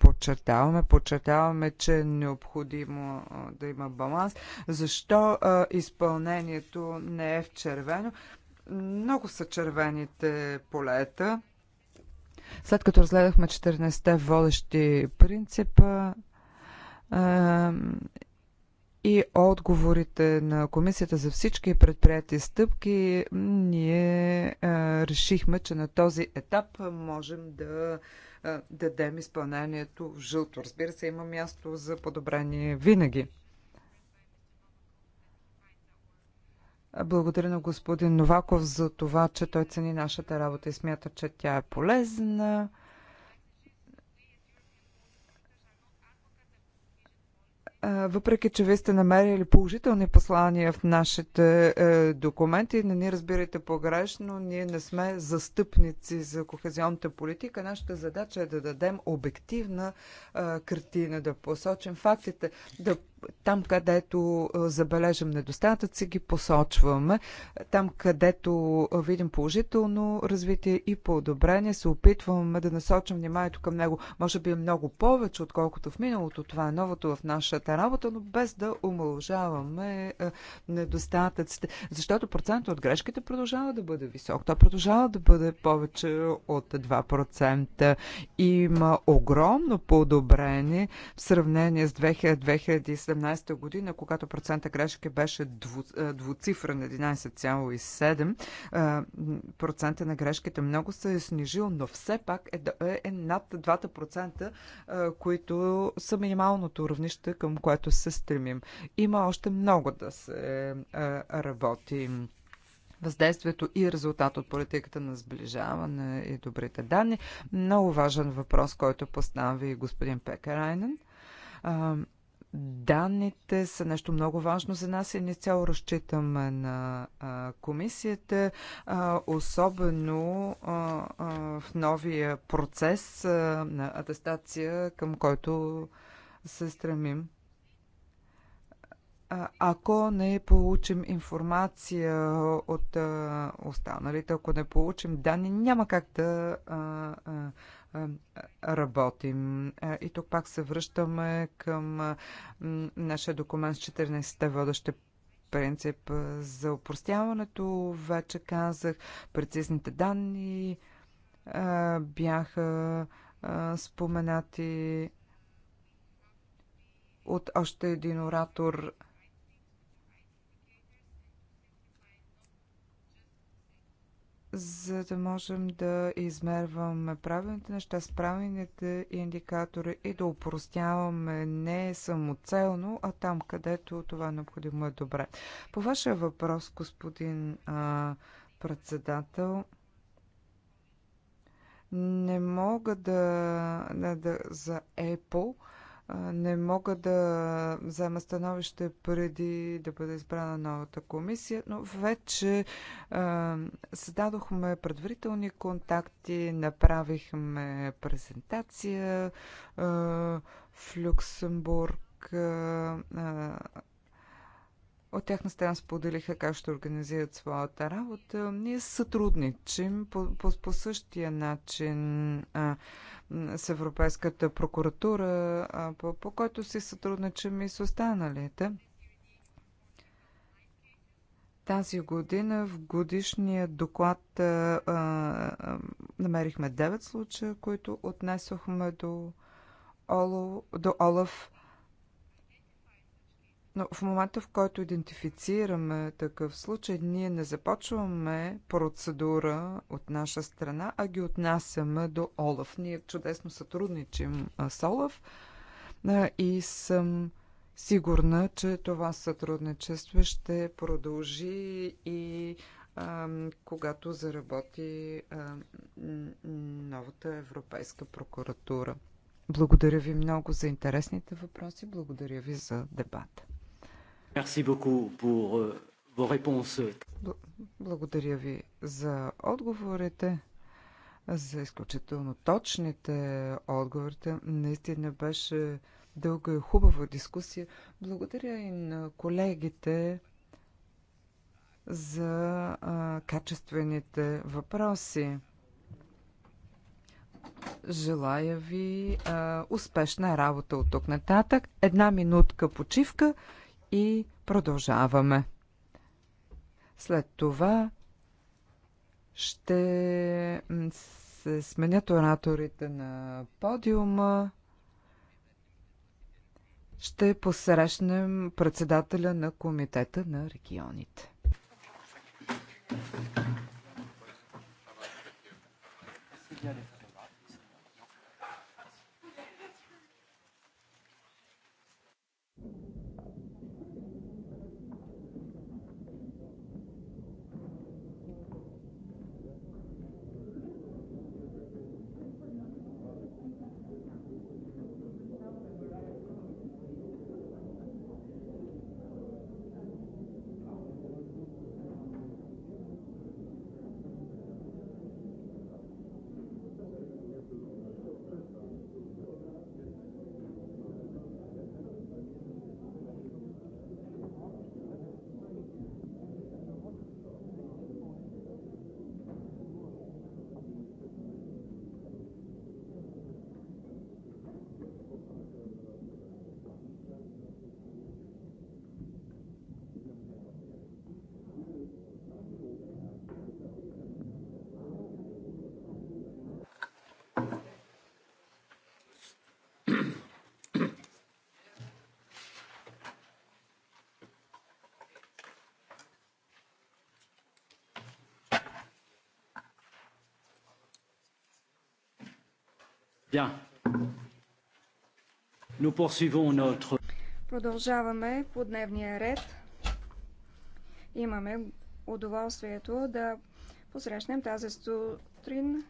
подчертаваме. Подчертаваме, че е необходимо да има баланс. Защо изпълнението не е в червено? Много са червените полета. След като разгледахме 14-те водещи принципа е, и отговорите на комисията за всички предприяти стъпки, ние е, решихме, че на този етап можем да е, дадем изпълнението в жълто. Разбира се, има място за подобрение винаги. Благодаря на господин Новаков за това, че той цени нашата работа и смята, че тя е полезна. въпреки че вие сте намерили положителни послания в нашите е, документи, не ни разбирайте погрешно, ние не сме застъпници за кохезионната политика. Нашата задача е да дадем обективна е, картина, да посочим фактите, да там, където забележим недостатъци, ги посочваме. Там, където видим положително развитие и подобрение, се опитваме да насочим вниманието към него. Може би много повече, отколкото в миналото. Това е новото в нашата работа, но без да умължаваме недостатъците. Защото процентът от грешките продължава да бъде висок. Той продължава да бъде повече от 2%. Има огромно подобрение в сравнение с 2000, 2007 2017 година, когато процента грешки беше дву, е, двуцифрен 11,7, е, процента на грешките много се е снижил, но все пак е, е, е над 2%, които са минималното равнище, към което се стремим. Има още много да се работи въздействието и резултат от политиката на сближаване и добрите данни. Много важен въпрос, който и господин Пекарайнен. Данните са нещо много важно за нас и не цяло разчитаме на комисията, особено в новия процес на атестация, към който се стремим. Ако не получим информация от останалите, ако не получим данни, няма как да работим. И тук пак се връщаме към нашия документ с 14-те водещи принцип за упростяването. Вече казах, прецизните данни бяха споменати от още един оратор – за да можем да измерваме правилните неща с правилните индикатори и да упростяваме не самоцелно, а там, където това е необходимо е добре. По вашия въпрос, господин а, председател, не мога да, да, да за Apple не мога да взема становище преди да бъде избрана новата комисия, но вече създадохме предварителни контакти, направихме презентация в Люксембург. от тяхна страна споделиха как ще организират своята работа. Ние сътрудничим по, по, по същия начин. А, с Европейската прокуратура, по, по който си сътрудничим и с останалите. Тази година в годишния доклад а, а, намерихме 9 случая, които отнесохме до, Оло, до Олаф. Но в момента, в който идентифицираме такъв случай, ние не започваме процедура от наша страна, а ги отнасяме до Олаф. Ние чудесно сътрудничим с Олаф и съм сигурна, че това сътрудничество ще продължи и когато заработи новата Европейска прокуратура. Благодаря ви много за интересните въпроси. Благодаря ви за дебата. Euh, благодаря ви за отговорите, за изключително точните отговорите. Наистина беше дълга и хубава дискусия. Благодаря и на колегите за а, качествените въпроси. Желая ви а, успешна работа от тук нататък. Една минутка почивка и продължаваме. След това ще се сменят ораторите на подиума. Ще посрещнем председателя на Комитета на регионите. Yeah. Bien. Nous poursuivons notre... Продължаваме по дневния ред. Имаме удоволствието да посрещнем тази сутрин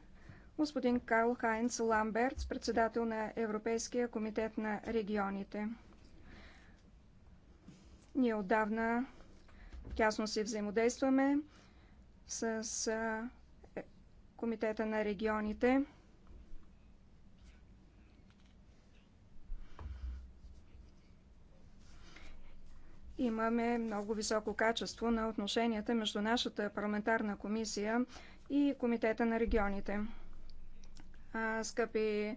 господин Карл Хайнц Ламберт, председател на Европейския комитет на регионите. Ние отдавна тясно си взаимодействаме с е, Комитета на регионите. имаме много високо качество на отношенията между нашата парламентарна комисия и Комитета на регионите. Скъпи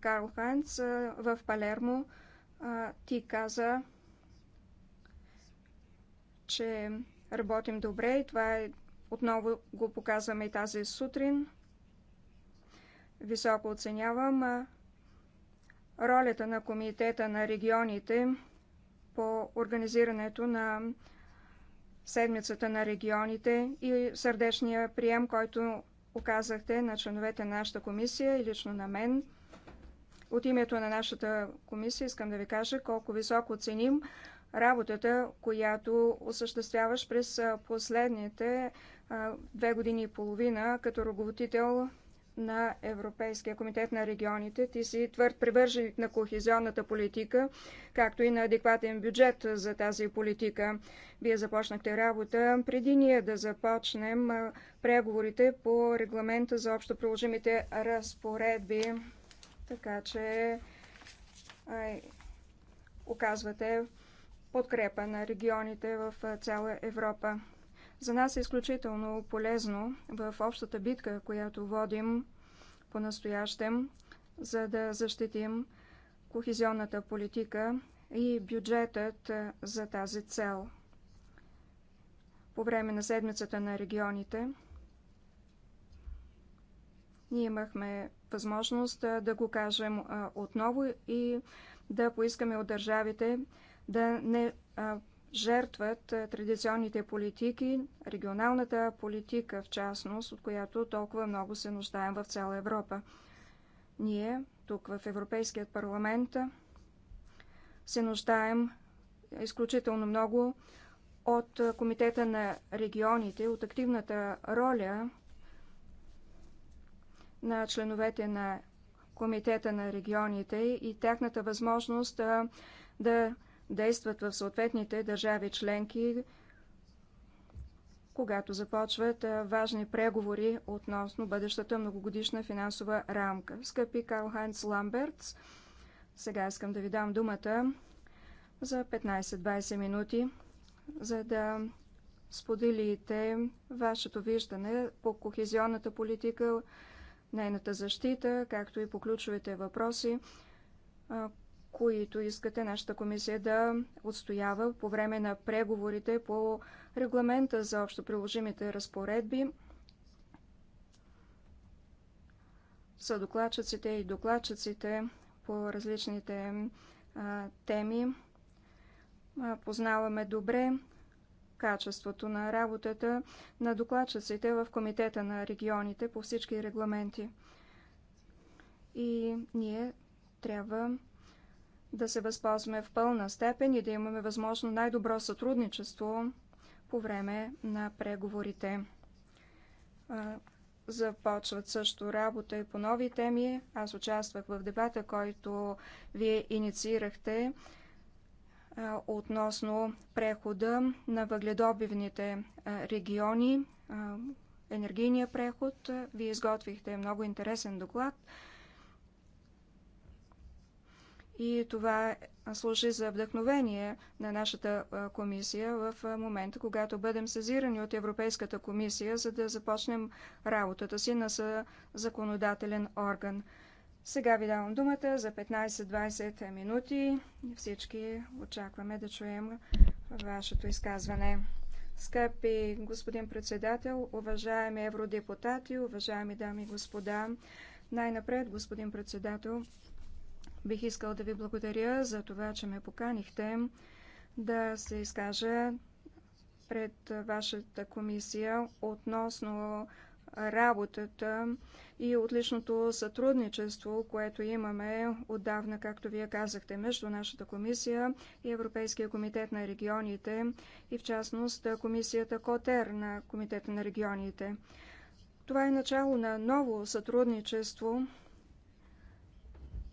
Карл Хайнц, в Палермо ти каза, че работим добре и това е, отново го показваме и тази сутрин. Високо оценявам ролята на Комитета на регионите по организирането на седмицата на регионите и сърдечния прием, който оказахте на членовете на нашата комисия и лично на мен. От името на нашата комисия искам да ви кажа колко високо ценим работата, която осъществяваш през последните две години и половина като работител на Европейския комитет на регионите. Ти си твърд привърженик на кохезионната политика, както и на адекватен бюджет за тази политика. Вие започнахте работа преди ние да започнем преговорите по регламента за общо приложимите разпоредби. Така че ай, оказвате подкрепа на регионите в цяла Европа. За нас е изключително полезно в общата битка, която водим по-настоящем, за да защитим кохезионната политика и бюджетът за тази цел. По време на седмицата на регионите ние имахме възможност да го кажем отново и да поискаме от държавите да не жертват е, традиционните политики, регионалната политика в частност, от която толкова много се нуждаем в цяла Европа. Ние, тук в Европейският парламент, се нуждаем изключително много от е, Комитета на регионите, от активната роля на членовете на Комитета на регионите и тяхната възможност е, да, да действат в съответните държави членки, когато започват важни преговори относно бъдещата многогодишна финансова рамка. Скъпи Карл Хайнц Ламбертс, сега искам да ви дам думата за 15-20 минути, за да споделите вашето виждане по кохезионната политика, нейната защита, както и по ключовите въпроси, които искате нашата комисия да отстоява по време на преговорите по регламента за общо приложимите разпоредби. са докладчиците и докладчиците по различните а, теми а, познаваме добре качеството на работата на докладчиците в Комитета на регионите по всички регламенти. И ние трябва да се възползваме в пълна степен и да имаме възможно най-добро сътрудничество по време на преговорите. Започват също работа и по нови теми. Аз участвах в дебата, който вие инициирахте относно прехода на въгледобивните региони, енергийния преход. Вие изготвихте много интересен доклад и това служи за вдъхновение на нашата комисия в момента, когато бъдем сезирани от Европейската комисия, за да започнем работата си на законодателен орган. Сега ви давам думата за 15-20 минути. Всички очакваме да чуем вашето изказване. Скъпи господин председател, уважаеми евродепутати, уважаеми дами и господа, най-напред, господин председател, Бих искал да ви благодаря за това, че ме поканихте да се изкажа пред вашата комисия относно работата и отличното сътрудничество, което имаме отдавна, както вие казахте, между нашата комисия и Европейския комитет на регионите и в частност комисията КОТЕР на Комитета на регионите. Това е начало на ново сътрудничество,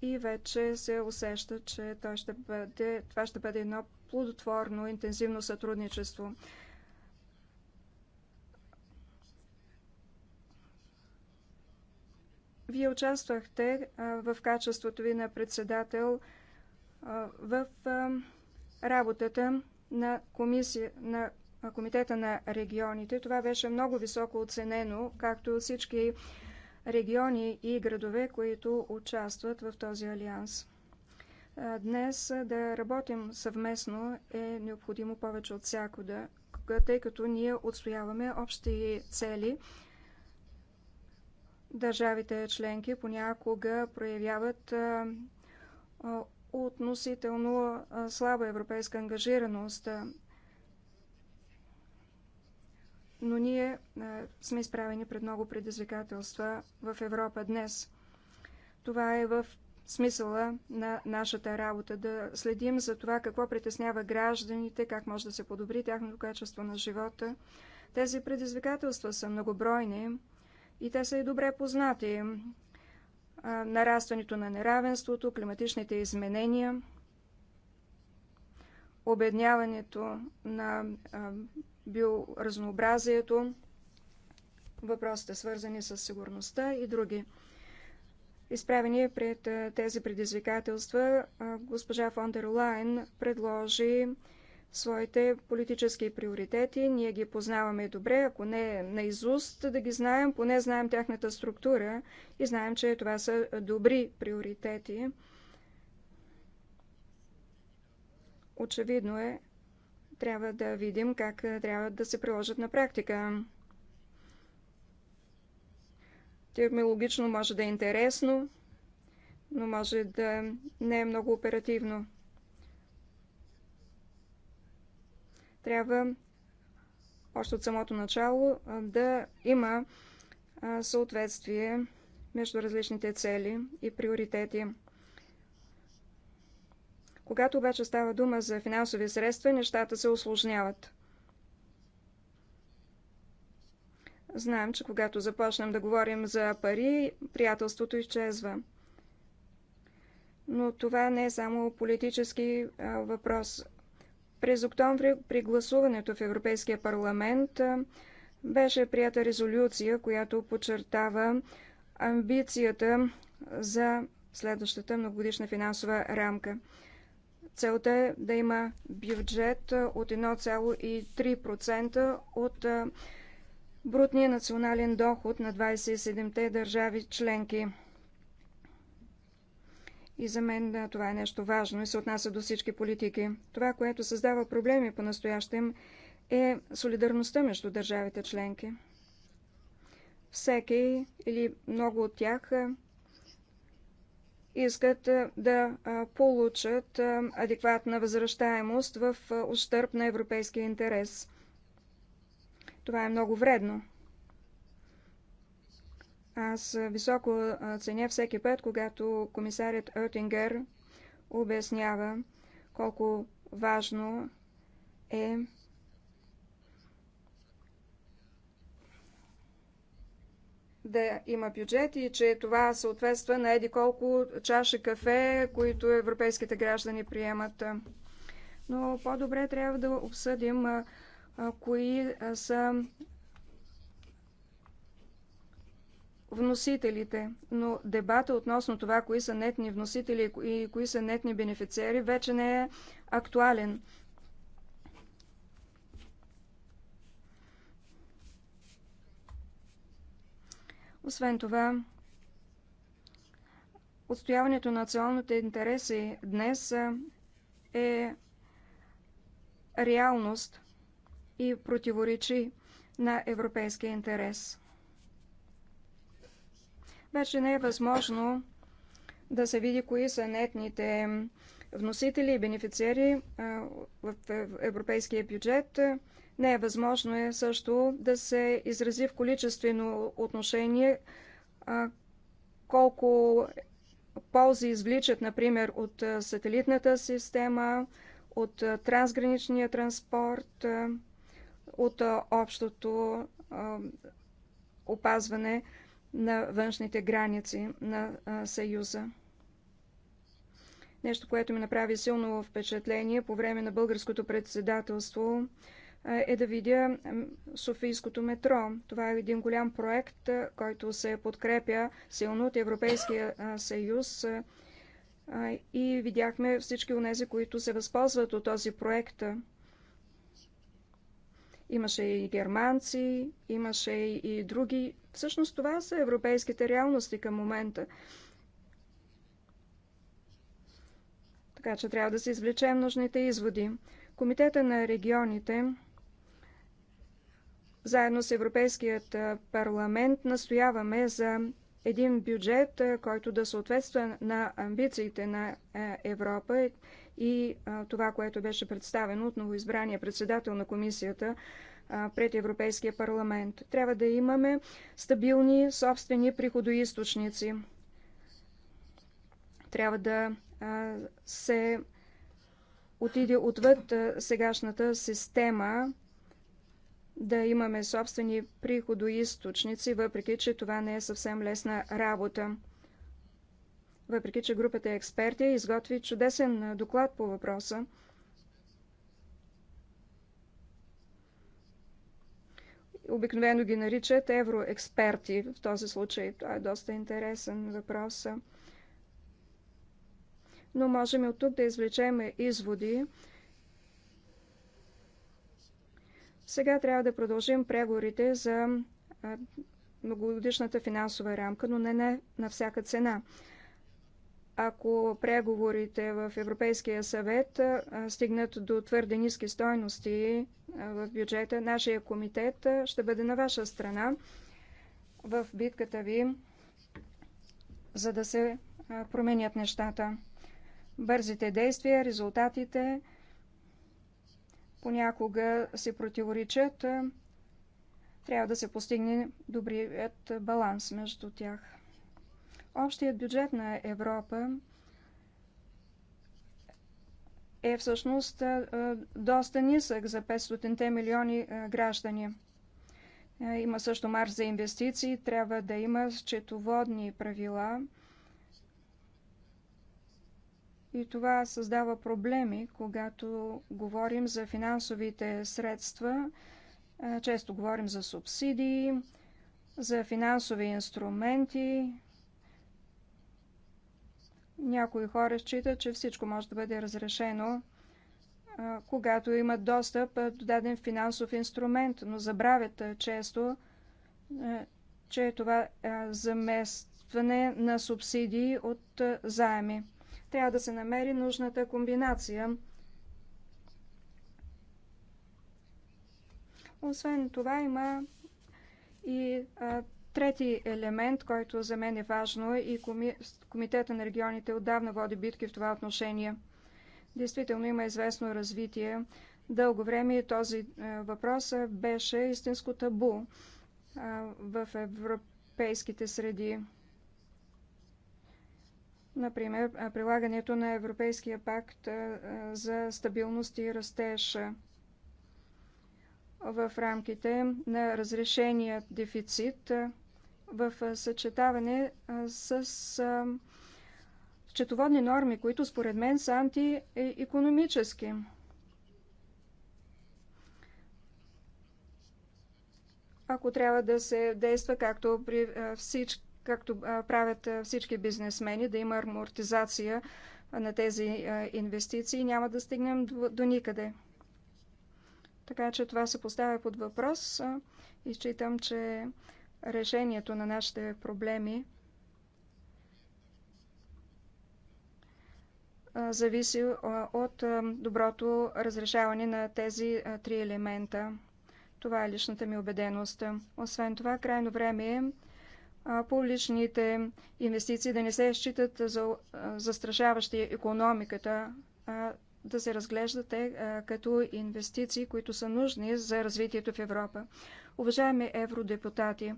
и вече се усеща, че той ще бъде, това ще бъде едно плодотворно, интензивно сътрудничество. Вие участвахте в качеството ви на председател в работата на, комисия, на Комитета на регионите. Това беше много високо оценено, както всички региони и градове, които участват в този алианс. Днес да работим съвместно е необходимо повече от всяко, да, тъй като ние отстояваме общи цели. Държавите членки понякога проявяват относително слаба европейска ангажираност но ние сме изправени пред много предизвикателства в Европа днес. Това е в смисъла на нашата работа да следим за това какво притеснява гражданите, как може да се подобри тяхното качество на живота. Тези предизвикателства са многобройни и те са и добре познати. Нарастването на неравенството, климатичните изменения, обедняването на биоразнообразието, въпросите свързани с сигурността и други. Изправени пред тези предизвикателства, госпожа Фондер Лайн предложи своите политически приоритети. Ние ги познаваме добре, ако не наизуст да ги знаем, поне знаем тяхната структура и знаем, че това са добри приоритети. Очевидно е, трябва да видим как трябва да се приложат на практика. Терминологично може да е интересно, но може да не е много оперативно. Трябва още от самото начало да има съответствие между различните цели и приоритети. Когато обаче става дума за финансови средства, нещата се осложняват. Знаем, че когато започнем да говорим за пари, приятелството изчезва. Но това не е само политически а, въпрос. През октомври при гласуването в Европейския парламент а, беше прията резолюция, която подчертава амбицията за следващата многогодишна финансова рамка. Целта е да има бюджет от 1,3% от брутния национален доход на 27-те държави членки. И за мен да, това е нещо важно и се отнася до всички политики. Това, което създава проблеми по-настоящем, е солидарността между държавите членки. Всеки или много от тях искат да получат адекватна възвръщаемост в ущърп на европейския интерес. Това е много вредно. Аз високо ценя всеки път, когато комисарят Оттингер обяснява колко важно е да има бюджет и че това съответства на еди колко чаши кафе, които европейските граждани приемат. Но по-добре трябва да обсъдим кои са вносителите. Но дебата относно това, кои са нетни вносители и кои са нетни бенефициери, вече не е актуален. Освен това, отстояването на националните интереси днес е реалност и противоречи на европейския интерес. Вече не е възможно да се види кои са нетните вносители и бенефициери в европейския бюджет – не е възможно е също да се изрази в количествено отношение колко ползи извличат, например, от сателитната система, от трансграничния транспорт, от общото опазване на външните граници на Съюза. Нещо, което ми направи силно впечатление по време на българското председателство е да видя Софийското метро. Това е един голям проект, който се подкрепя силно от Европейския съюз и видяхме всички от тези, които се възползват от този проект. Имаше и германци, имаше и други. Всъщност това са европейските реалности към момента. Така че трябва да се извлечем нужните изводи. Комитета на регионите заедно с Европейският парламент настояваме за един бюджет, който да съответства на амбициите на Европа и това, което беше представено от новоизбрания председател на комисията пред Европейския парламент. Трябва да имаме стабилни собствени приходоисточници. Трябва да се отиде отвъд сегашната система да имаме собствени приходоисточници, въпреки че това не е съвсем лесна работа. Въпреки че групата експерти изготви чудесен доклад по въпроса. Обикновено ги наричат евроексперти в този случай. Това е доста интересен въпрос. Но можем от тук да извлечем изводи, Сега трябва да продължим преговорите за многогодишната финансова рамка, но не не на всяка цена. Ако преговорите в Европейския съвет стигнат до твърде ниски стойности в бюджета, нашия комитет ще бъде на ваша страна в битката ви, за да се променят нещата. Бързите действия, резултатите, понякога се противоречат. Трябва да се постигне добрият баланс между тях. Общият бюджет на Европа е всъщност доста нисък за 500 милиони граждани. Има също марш за инвестиции, трябва да има счетоводни правила – и това създава проблеми, когато говорим за финансовите средства. Често говорим за субсидии, за финансови инструменти. Някои хора считат, че всичко може да бъде разрешено, когато имат достъп до даден финансов инструмент, но забравят често, че това заместване на субсидии от заеми. Трябва да се намери нужната комбинация. Освен това има и а, трети елемент, който за мен е важно и коми... Комитета на регионите отдавна води битки в това отношение. Действително има известно развитие. Дълго време този въпрос беше истинско табу в европейските среди. Например, прилагането на Европейския пакт за стабилност и растеж в рамките на разрешения дефицит в съчетаване с счетоводни норми, които според мен са антиекономически. ако трябва да се действа както при всички както правят всички бизнесмени, да има амортизация на тези инвестиции, няма да стигнем до никъде. Така че това се поставя под въпрос и считам, че решението на нашите проблеми зависи от доброто разрешаване на тези три елемента. Това е личната ми убеденост. Освен това, крайно време е публичните инвестиции да не се считат за застрашаващи економиката, а да се разглеждат те като инвестиции, които са нужни за развитието в Европа. Уважаеми евродепутати,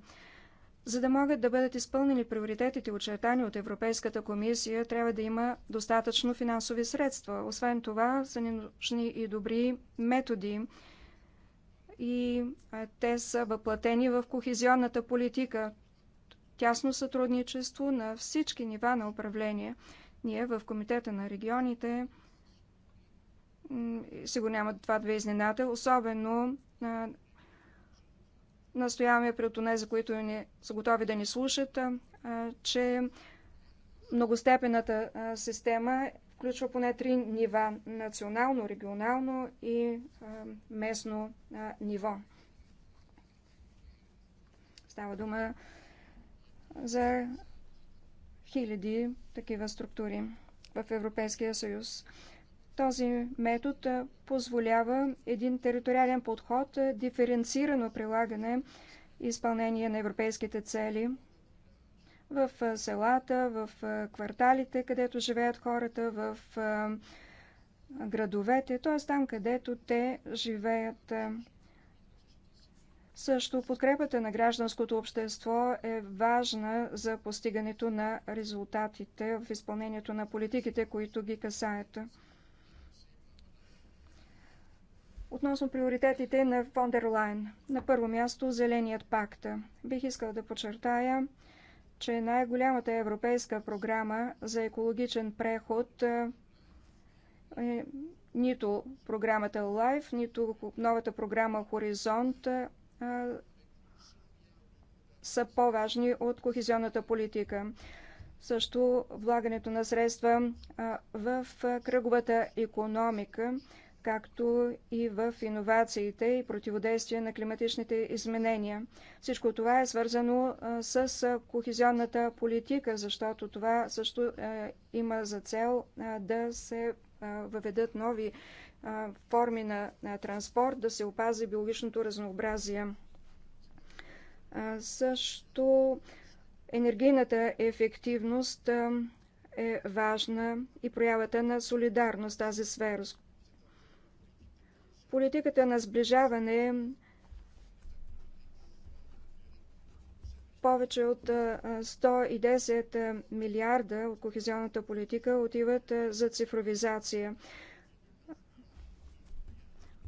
за да могат да бъдат изпълнени приоритетите, очертани от Европейската комисия, трябва да има достатъчно финансови средства. Освен това, са ни нужни и добри методи. И те са въплатени в кохезионната политика тясно сътрудничество на всички нива на управление. Ние в Комитета на регионите сигурно няма това две изненада, особено а, настояваме при отоне, за които не са готови да ни слушат, а, че многостепената а, система включва поне три нива – национално, регионално и а, местно а, ниво. Става дума за хиляди такива структури в Европейския съюз. Този метод позволява един териториален подход, диференцирано прилагане и изпълнение на европейските цели в селата, в кварталите, където живеят хората, в градовете, т.е. там, където те живеят. Също подкрепата на гражданското общество е важна за постигането на резултатите в изпълнението на политиките, които ги касаят. Относно приоритетите на Фондерлайн. На първо място Зеленият пакт. Бих искал да подчертая, че най-голямата европейска програма за екологичен преход е, нито програмата LIFE, нито новата програма Хоризонт са по-важни от кохезионната политика. Също влагането на средства в кръговата економика, както и в иновациите и противодействие на климатичните изменения. Всичко това е свързано с кохезионната политика, защото това също има за цел да се въведат нови форми на транспорт, да се опази биологичното разнообразие. Също енергийната ефективност е важна и проявата на солидарност тази сфера. Политиката на сближаване повече от 110 милиарда от кохезионната политика отиват за цифровизация.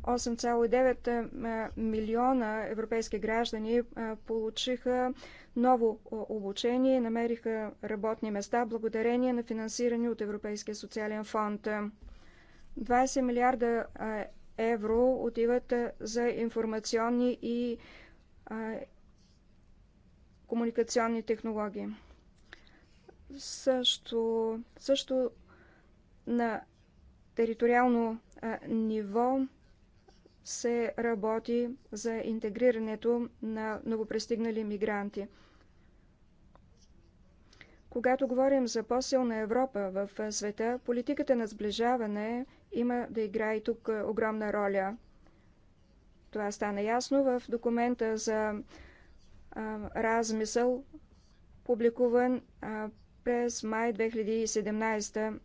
8,9 милиона европейски граждани получиха ново обучение и намериха работни места благодарение на финансиране от Европейския социален фонд. 20 милиарда евро отиват за информационни и комуникационни технологии. Също, също на териториално ниво се работи за интегрирането на новопрестигнали мигранти. Когато говорим за по-силна Европа в света, политиката на сближаване има да играе и тук огромна роля. Това стана ясно в документа за а, размисъл, публикуван а, през май 2017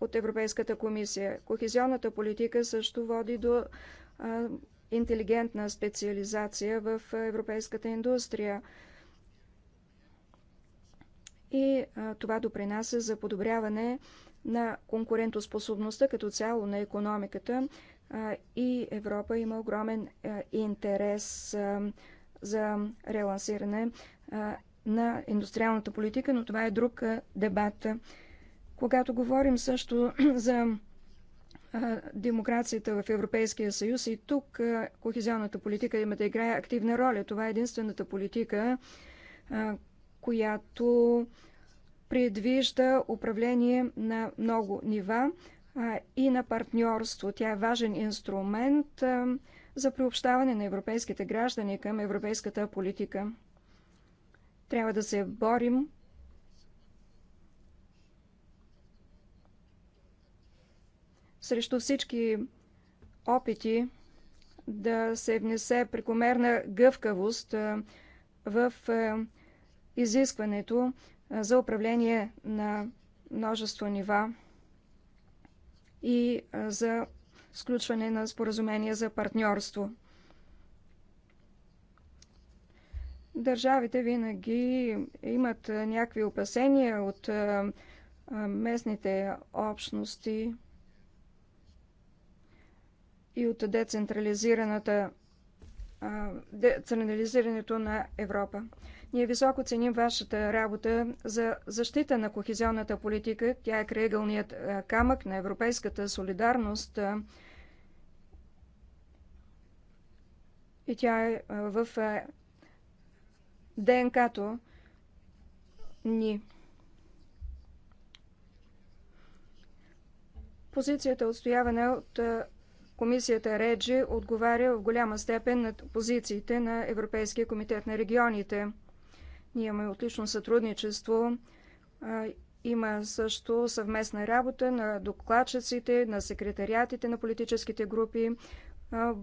от Европейската комисия. Кохезионната политика също води до интелигентна специализация в европейската индустрия. И това допринася за подобряване на конкурентоспособността като цяло на економиката. И Европа има огромен интерес за релансиране на индустриалната политика, но това е друг дебат. Когато говорим също [clears throat] за демокрацията в Европейския съюз и тук кохезионната политика има да играе активна роля. Това е единствената политика, която предвижда управление на много нива и на партньорство. Тя е важен инструмент за приобщаване на европейските граждани към европейската политика. Трябва да се борим срещу всички опити да се внесе прекомерна гъвкавост в изискването за управление на множество нива и за сключване на споразумение за партньорство. Държавите винаги имат някакви опасения от местните общности – и от децентрализираната децентрализирането на Европа. Ние високо ценим вашата работа за защита на кохезионната политика. Тя е крайъгълният камък на европейската солидарност и тя е в ДНК-то ни. Позицията е отстоявана от Комисията Реджи отговаря в голяма степен на позициите на Европейския комитет на регионите. Ние имаме отлично сътрудничество. Има също съвместна работа на докладчиците, на секретариатите на политическите групи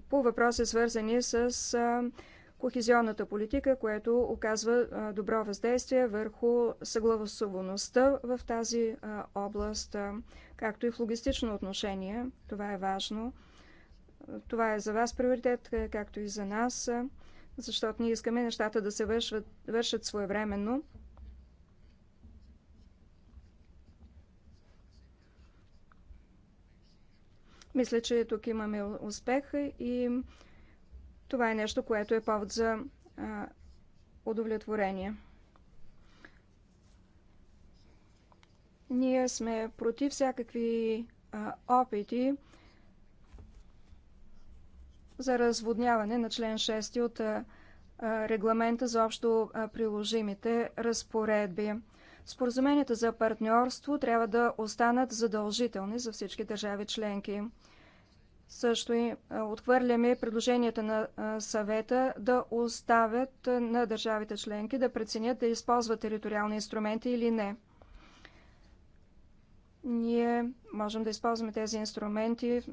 по въпроси свързани с кохезионната политика, което оказва добро въздействие върху съгласуваността в тази област, както и в логистично отношение. Това е важно. Това е за вас приоритет, е, както и за нас, е, защото ние искаме нещата да се вършват, вършат своевременно. Мисля, че тук имаме успех и това е нещо, което е повод за удовлетворение. Ние сме против всякакви опити за разводняване на член 6 от регламента за общо приложимите разпоредби. Споразуменията за партньорство трябва да останат задължителни за всички държави членки. Също и отхвърляме предложенията на съвета да оставят на държавите членки да преценят да използват териториални инструменти или не. Ние можем да използваме тези инструменти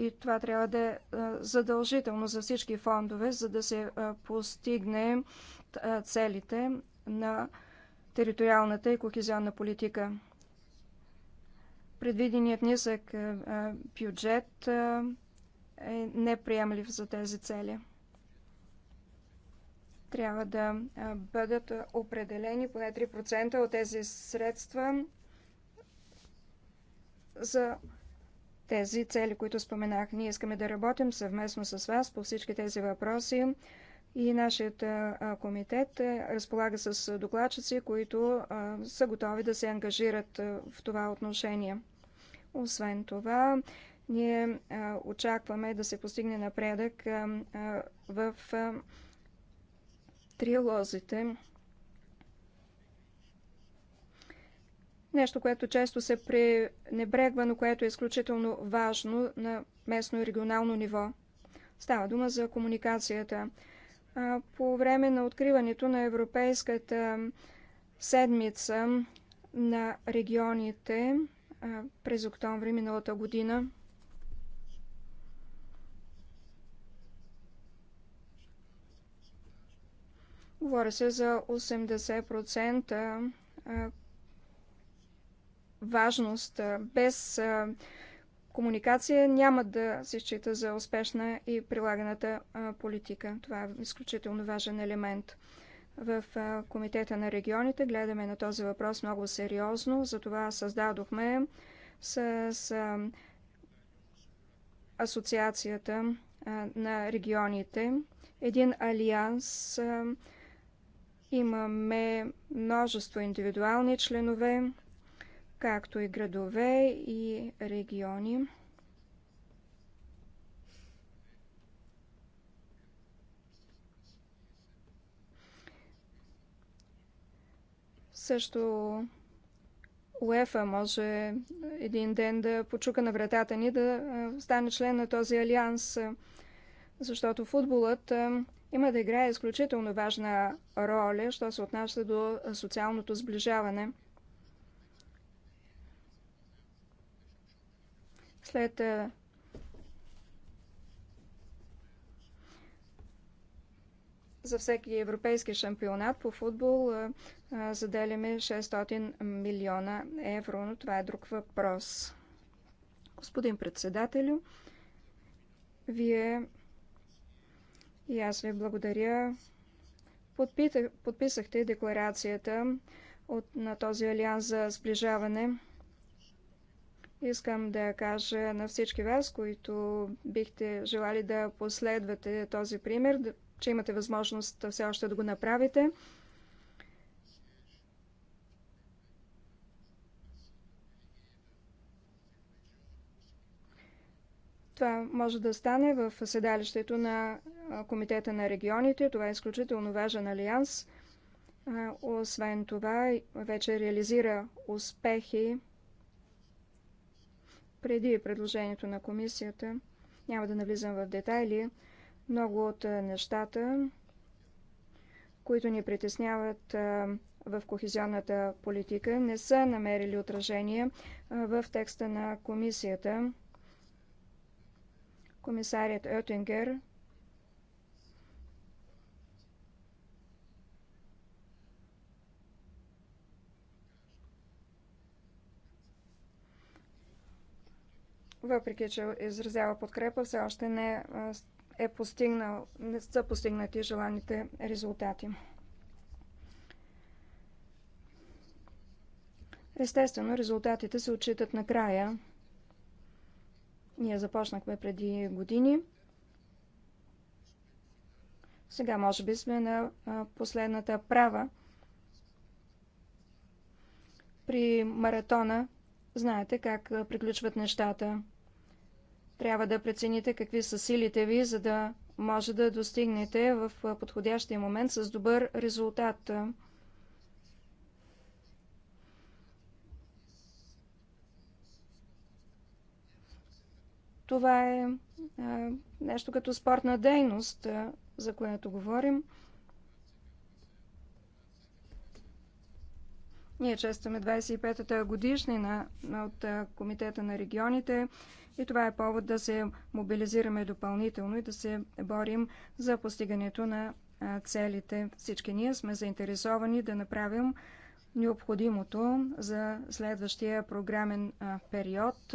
и това трябва да е, е задължително за всички фондове, за да се е, постигне е, целите на териториалната и кохезионна политика. Предвиденият нисък бюджет е неприемлив за тези цели. Трябва да бъдат определени поне 3% от тези средства за тези цели, които споменах. Ние искаме да работим съвместно с вас по всички тези въпроси и нашият комитет е, разполага с докладчици, които са готови да се ангажират в това отношение. Освен това, ние очакваме да се постигне напредък в трилозите Нещо, което често се пренебрегва, но което е изключително важно на местно и регионално ниво. Става дума за комуникацията. По време на откриването на Европейската седмица на регионите през октомври миналата година, Говоря се за 80% важност. Без комуникация няма да се счита за успешна и прилаганата политика. Това е изключително важен елемент. В Комитета на регионите гледаме на този въпрос много сериозно, затова създадохме с Асоциацията на регионите един алианс. Имаме множество индивидуални членове, както и градове и региони. Също УЕФА може един ден да почука на вратата ни да стане член на този алианс, защото футболът има да играе изключително важна роля, що се отнася до социалното сближаване. След е, за всеки европейски шампионат по футбол е, е, заделяме 600 милиона евро, но това е друг въпрос. Господин председателю, вие и аз ви благодаря. подписахте декларацията от, на този алианс за сближаване. Искам да кажа на всички вас, които бихте желали да последвате този пример, че имате възможност все още да го направите. Това може да стане в седалището на Комитета на регионите. Това е изключително важен алианс. Освен това, вече реализира успехи преди предложението на комисията. Няма да навлизам в детайли. Много от нещата, които ни притесняват в кохезионната политика, не са намерили отражение в текста на комисията. Комисарият Оттингер въпреки че изразява подкрепа, все още не, е постигнал, не са постигнати желаните резултати. Естествено, резултатите се отчитат накрая. Ние започнахме преди години. Сега може би сме на последната права при маратона Знаете как приключват нещата. Трябва да прецените какви са силите ви, за да може да достигнете в подходящия момент с добър резултат. Това е нещо като спортна дейност, за която говорим. Ние честваме 25-та годишнина от Комитета на регионите и това е повод да се мобилизираме допълнително и да се борим за постигането на целите. Всички ние сме заинтересовани да направим необходимото за следващия програмен период.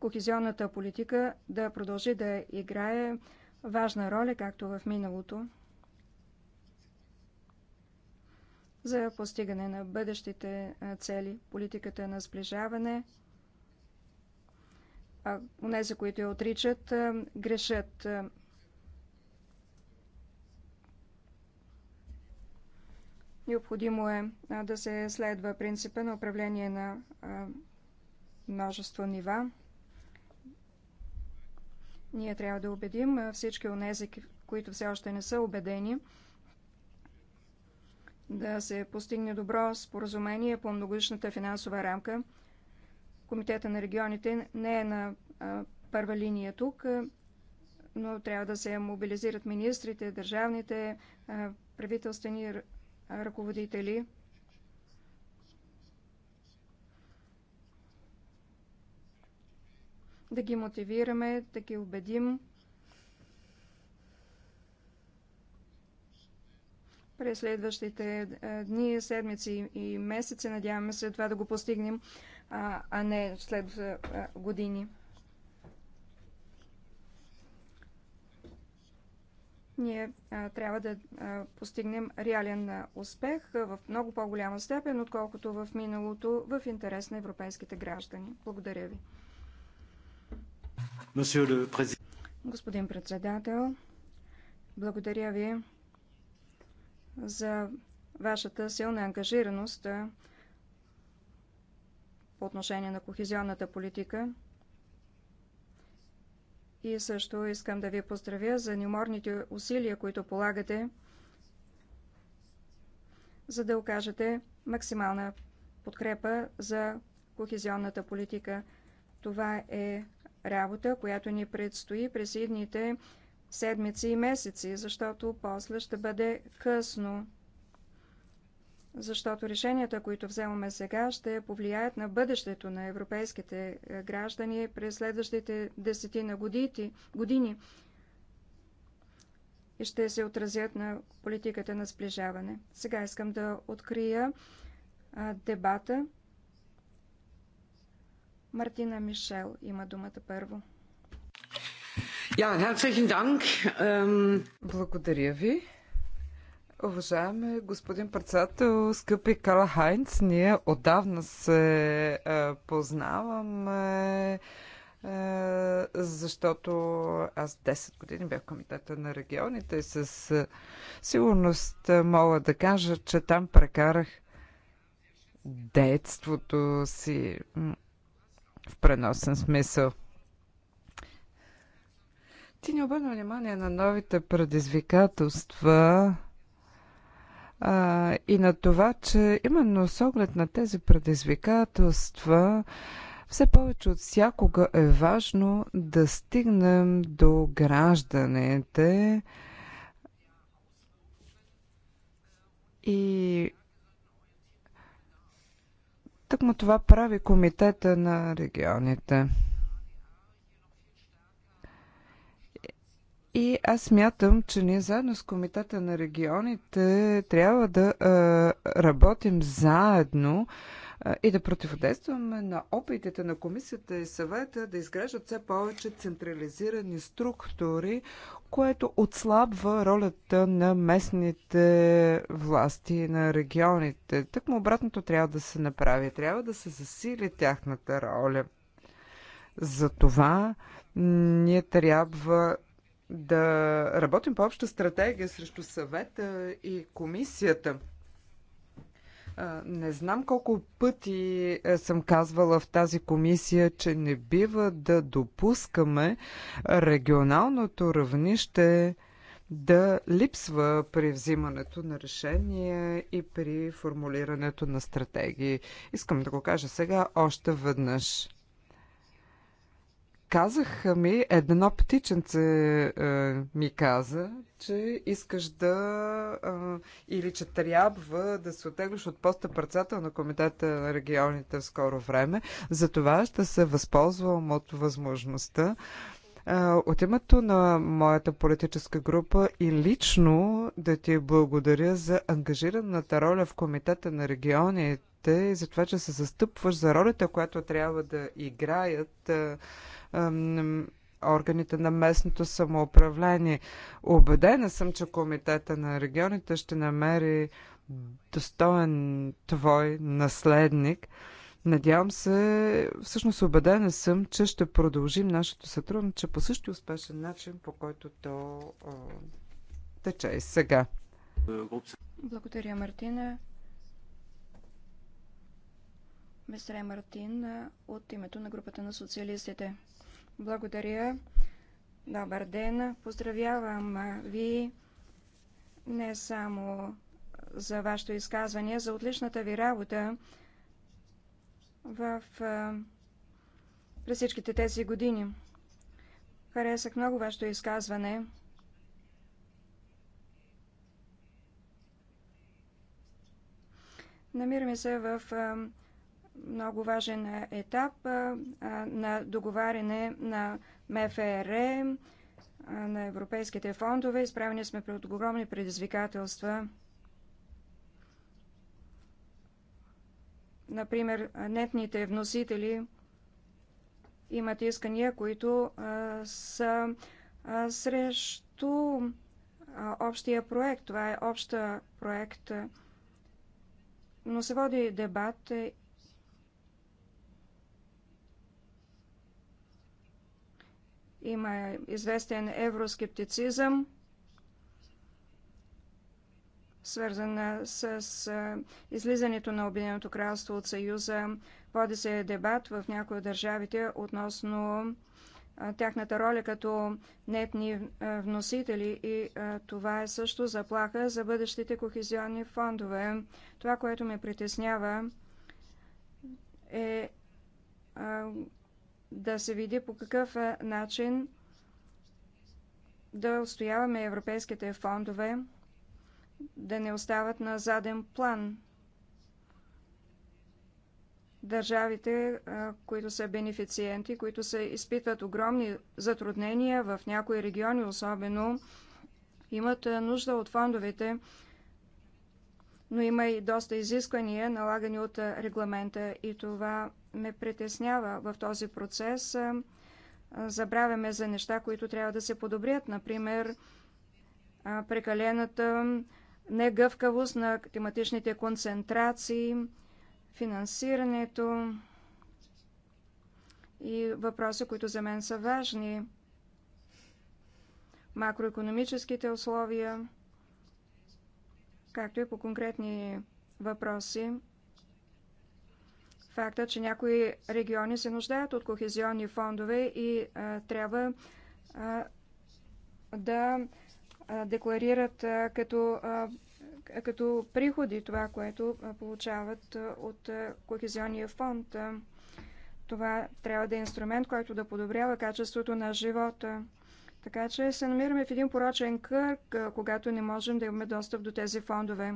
Кохезионната политика да продължи да играе важна роля, както в миналото. за постигане на бъдещите цели, политиката на сближаване. А тези, които я отричат, грешат. Необходимо е да се следва принципа на управление на множество нива. Ние трябва да убедим всички тези, които все още не са убедени, да се постигне добро споразумение по многогодишната финансова рамка. Комитета на регионите не е на първа линия тук, но трябва да се мобилизират министрите, държавните, правителствени ръководители. Да ги мотивираме, да ги убедим. През следващите е, дни, седмици и месеци, надяваме се това да го постигнем, а не след е, години. ние а, трябва да а, постигнем реален а, успех а, в много по-голяма степен, отколкото в миналото, в интерес на европейските граждани. Благодаря ви. Господин председател, благодаря ви за вашата силна ангажираност по отношение на кохезионната политика. И също искам да ви поздравя за неуморните усилия, които полагате, за да окажете максимална подкрепа за кохезионната политика. Това е работа, която ни предстои през едните седмици и месеци, защото после ще бъде късно. Защото решенията, които вземаме сега, ще повлияят на бъдещето на европейските е, граждани през следващите десетина години и ще се отразят на политиката на сближаване. Сега искам да открия дебата. Мартина Мишел има думата първо. Ähm, Благодаря ви. Уважаеми господин председател, скъпи Карл Хайнц, ние отдавна се е, познаваме, е, защото аз 10 години бях в комитета на регионите и с е, сигурност е, мога да кажа, че там прекарах детството си в преносен смисъл. Ти ни обърна внимание на новите предизвикателства а, и на това, че именно с оглед на тези предизвикателства все повече от всякога е важно да стигнем до гражданите и тъкмо това прави комитета на регионите. И аз мятам, че ние заедно с Комитета на регионите трябва да а, работим заедно а, и да противодействаме на опитите на комисията и съвета да изграждат все повече централизирани структури, което отслабва ролята на местните власти на регионите. Так му обратното трябва да се направи. Трябва да се засили тяхната роля. За това ние трябва да работим по обща стратегия срещу съвета и комисията. Не знам колко пъти е, съм казвала в тази комисия, че не бива да допускаме регионалното равнище да липсва при взимането на решения и при формулирането на стратегии. Искам да го кажа сега още веднъж. Казаха ми, едно птиченце е, ми каза, че искаш да е, или че трябва да се отеглиш от поста председател на Комитета на регионите в скоро време. Затова ще се възползвам от възможността е, от името на моята политическа група и лично да ти благодаря за ангажираната роля в Комитета на регионите и за това, че се застъпваш за ролята, която трябва да играят органите на местното самоуправление. Обедена съм, че Комитета на регионите ще намери достоен твой наследник. Надявам се, всъщност убедена съм, че ще продължим нашето сътрудниче по същия успешен начин, по който то о, тече и сега. Благодаря, Мартина. Месре Мартин от името на групата на социалистите. Благодаря. Добър ден. Поздравявам ви не само за вашето изказване, за отличната ви работа в, през всичките тези години. Харесах много вашето изказване. Намираме се в много важен етап на договаряне на МФР, на европейските фондове. Изправени сме пред огромни предизвикателства. Например, нетните вносители имат искания, които са срещу общия проект. Това е обща проект но се води дебат Има известен евроскептицизъм, свързана с излизането на Обединеното кралство от Съюза. Води се дебат в някои от държавите относно тяхната роля като нетни вносители и това е също заплаха за бъдещите кохезионни фондове. Това, което ме притеснява е да се види по какъв начин да отстояваме европейските фондове, да не остават на заден план държавите, които са бенефициенти, които се изпитват огромни затруднения в някои региони, особено имат нужда от фондовете, но има и доста изисквания, налагани от регламента и това ме притеснява в този процес. Е, забравяме за неща, които трябва да се подобрят. Например, е, прекалената негъвкавост на тематичните концентрации, финансирането и въпроси, които за мен са важни. Макроекономическите условия, както и по конкретни въпроси факта, че някои региони се нуждаят от кохезионни фондове и а, трябва а, да а, декларират а, като, а, като приходи това, което а, получават а, от а, кохезионния фонд. А, това трябва да е инструмент, който да подобрява качеството на живота. Така че се намираме в един порочен кръг, когато не можем да имаме достъп до тези фондове.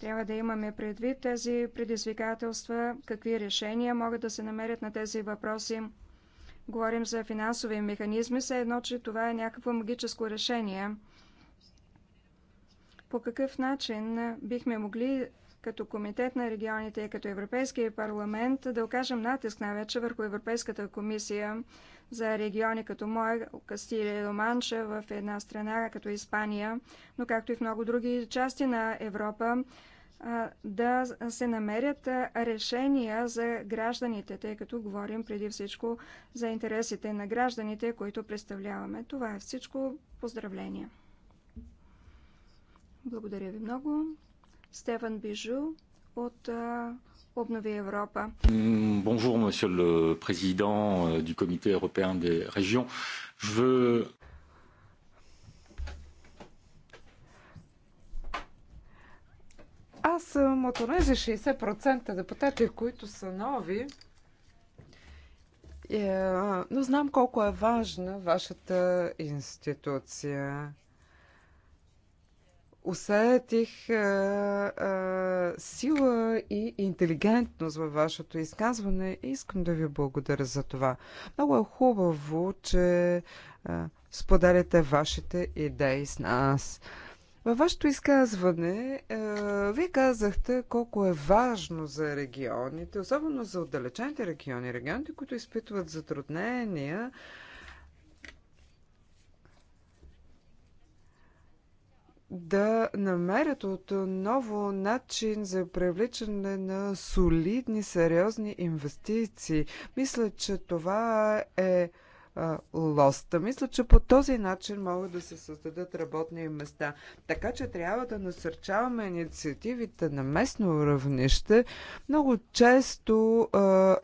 Трябва да имаме предвид тези предизвикателства, какви решения могат да се намерят на тези въпроси. Говорим за финансови механизми, все едно, че това е някакво магическо решение. По какъв начин бихме могли като Комитет на регионите и като Европейския парламент да окажем натиск най-вече върху Европейската комисия, за региони като моя, Кастилия и Ломанша в една страна като Испания, но както и в много други части на Европа, да се намерят решения за гражданите, тъй като говорим преди всичко за интересите на гражданите, които представляваме. Това е всичко. Поздравления! Благодаря ви много. Стефан Бижу от обнови Европа. Bonjour, monsieur le président euh, du Comité européen des régions. Je Аз съм от тези 60% депутати, които са нови, е, но знам колко е важна вашата институция усетих а, е, а, е, сила и интелигентност във вашето изказване и искам да ви благодаря за това. Много е хубаво, че а, е, споделяте вашите идеи с нас. Във вашето изказване а, вие казахте колко е важно за регионите, особено за отдалечените региони, регионите, които изпитват затруднения, да намерят отново начин за привличане на солидни, сериозни инвестиции. Мисля, че това е лоста. Мисля, че по този начин могат да се създадат работни места. Така че трябва да насърчаваме инициативите на местно равнище. Много често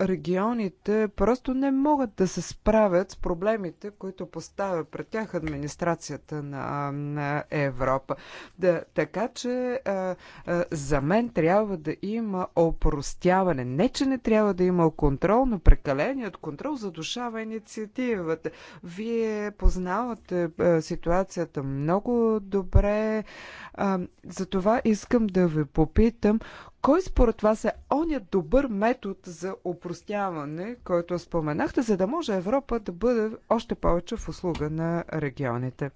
регионите просто не могат да се справят с проблемите, които поставя пред тях администрацията на, на Европа. Да, така че а, а, за мен трябва да има опростяване. Не, че не трябва да има контрол, но прекаленият контрол задушава инициатива споровете. Вие познавате е, ситуацията много добре. Затова искам да ви попитам, кой според вас е оня добър метод за упростяване, който споменахте, за да може Европа да бъде още повече в услуга на регионите?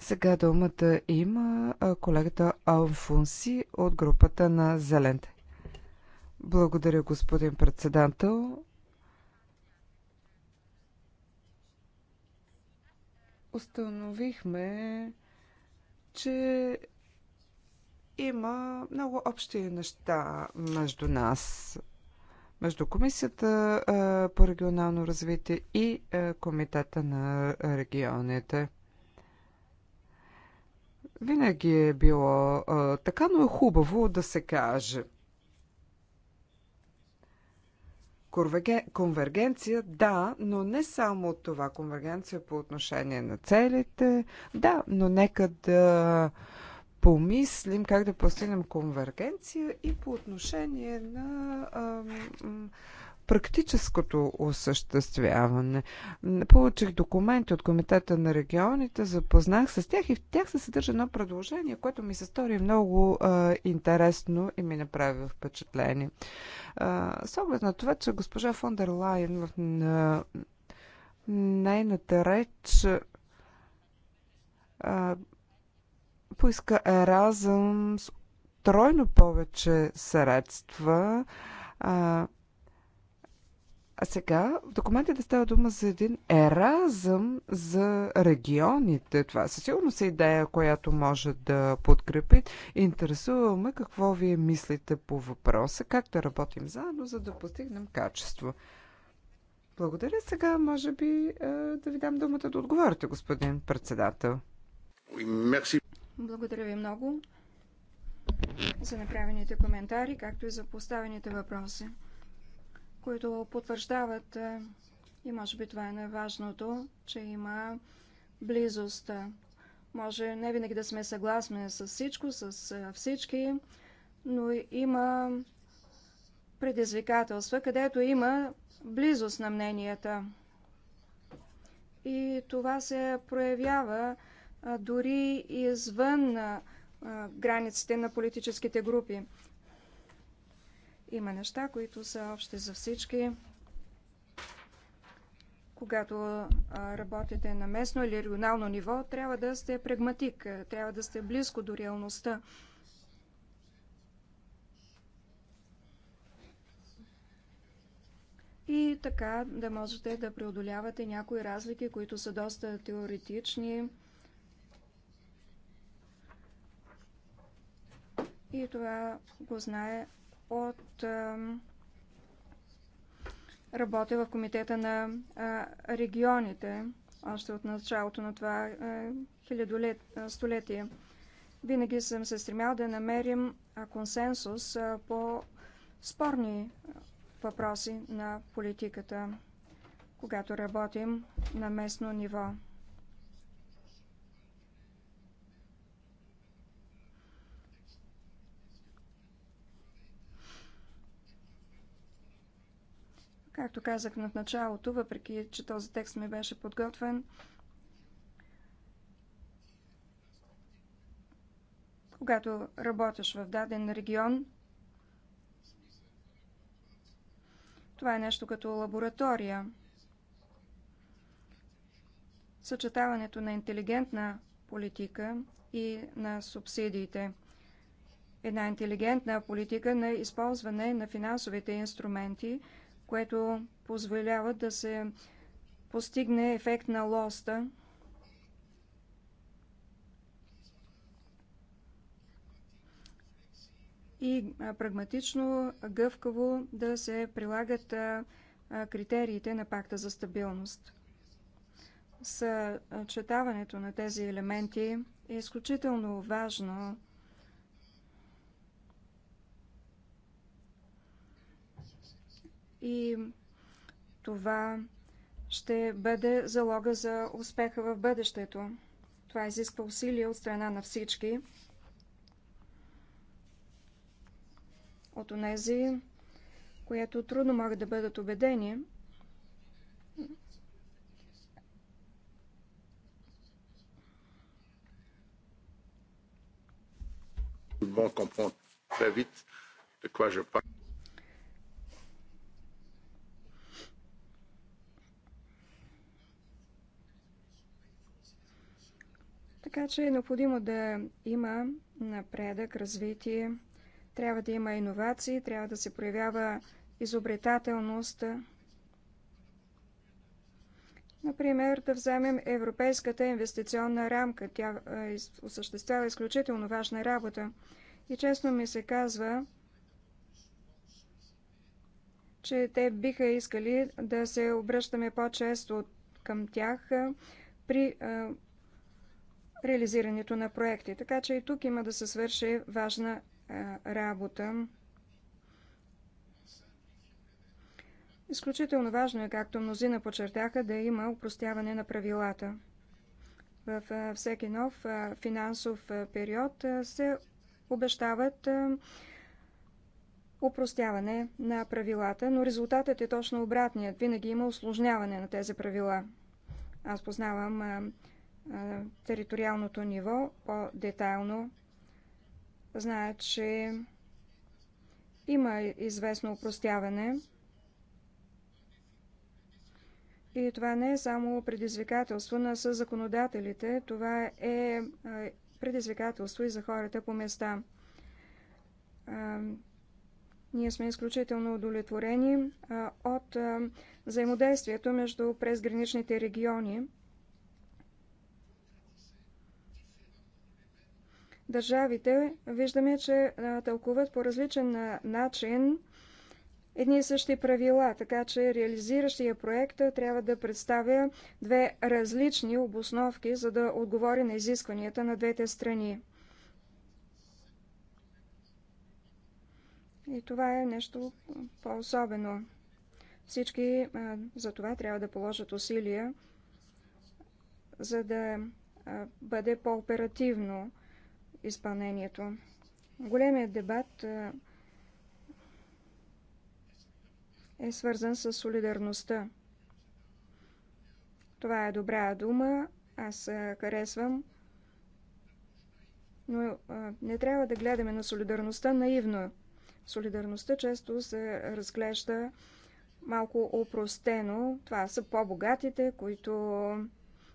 Сега думата има колегата Алфонси от групата на Зеленте. Благодаря, господин председател. установихме, че има много общи неща между нас, между Комисията по регионално развитие и Комитета на регионите. Винаги е било така, но е хубаво да се каже – Конвергенция, да, но не само от това. Конвергенция по отношение на целите, да, но нека да помислим как да постигнем конвергенция и по отношение на ам, практическото осъществяване. Получих документи от Комитета на регионите, запознах с тях и в тях се съдържа едно предложение, което ми се стори много а, интересно и ми направи впечатление. А, с оглед на това, че госпожа Фондер Лайен в на, нейната реч а, поиска Еразъм с тройно повече средства. А, а сега в документите става дума за един еразъм за регионите. Това със сигурност е идея, която може да подкрепи. Интересуваме какво вие мислите по въпроса, как да работим заедно, за да постигнем качество. Благодаря. Сега може би е, да ви дам думата да отговорите, господин председател. Благодаря ви много за направените коментари, както и за поставените въпроси които потвърждават, е, и може би това е най-важното, че има близост. Може не винаги да сме съгласни с всичко, с е, всички, но има предизвикателства, където има близост на мненията. И това се проявява е, дори извън границите на политическите групи. Има неща, които са общи за всички. Когато работите на местно или регионално ниво, трябва да сте прагматик, трябва да сте близко до реалността. И така да можете да преодолявате някои разлики, които са доста теоретични. И това го знае от работя в комитета на регионите още от началото на това хилядолет, столетие. Винаги съм се стремял да намерим консенсус по спорни въпроси на политиката, когато работим на местно ниво. Както казах на началото, въпреки че този текст ми беше подготвен, когато работиш в даден регион, това е нещо като лаборатория. Съчетаването на интелигентна политика и на субсидиите. Една интелигентна политика на използване на финансовите инструменти – което позволява да се постигне ефект на лоста. И прагматично, гъвкаво да се прилагат критериите на пакта за стабилност. Съчетаването на тези елементи е изключително важно и това ще бъде залога за успеха в бъдещето. Това изисква усилия от страна на всички, от онези, които трудно могат да бъдат убедени, Tout comprend très vite de quoi je parle. Така че е необходимо да има напредък, развитие, трябва да има иновации, трябва да се проявява изобретателност. Например, да вземем Европейската инвестиционна рамка. Тя осъществява изключително важна работа. И честно ми се казва, че те биха искали да се обръщаме по-често към тях при реализирането на проекти. Така че и тук има да се свърши важна работа. Изключително важно е, както мнозина почертаха, да има упростяване на правилата. В всеки нов финансов период се обещават упростяване на правилата, но резултатът е точно обратният. Винаги има осложняване на тези правила. Аз познавам териториалното ниво по-детайлно. Знае, че има известно упростяване. И това не е само предизвикателство на съзаконодателите, това е предизвикателство и за хората по места. Ние сме изключително удовлетворени от взаимодействието между презграничните региони. държавите виждаме, че тълкуват по различен начин едни и същи правила, така че реализиращия проект трябва да представя две различни обосновки, за да отговори на изискванията на двете страни. И това е нещо по-особено. Всички за това трябва да положат усилия, за да бъде по-оперативно изпълнението. Големият дебат е свързан с солидарността. Това е добра дума, аз харесвам, но не трябва да гледаме на солидарността наивно. Солидарността често се разглежда малко опростено. Това са по-богатите, които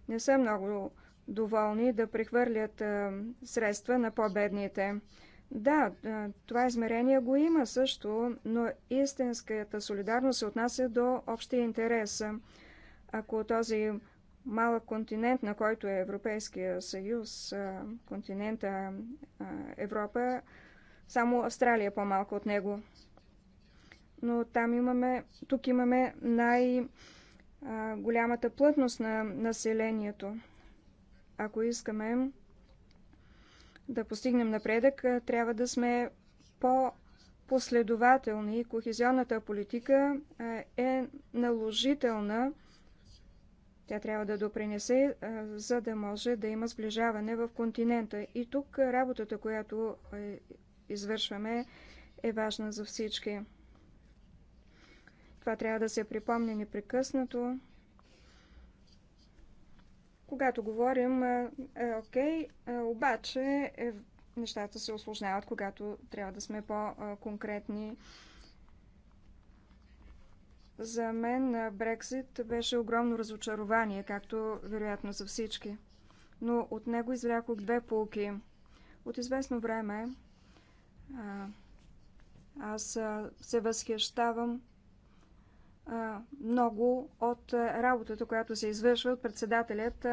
не са много доволни да прехвърлят средства на по-бедните. Да, това измерение го има също, но истинската солидарност се отнася до общия интерес. Ако този малък континент, на който е Европейския съюз, континента Европа, само Австралия е по-малко от него. Но там имаме, тук имаме най-голямата плътност на населението. Ако искаме да постигнем напредък, трябва да сме по-последователни. Кохезионната политика е наложителна. Тя трябва да допринесе, за да може да има сближаване в континента. И тук работата, която извършваме, е важна за всички. Това трябва да се припомня непрекъснато. Когато говорим, е окей, е, обаче е, нещата се осложняват, когато трябва да сме по-конкретни. За мен Брексит беше огромно разочарование, както вероятно за всички. Но от него извлякох две полки. От известно време аз се възхищавам много от работата, която се извършва от председателят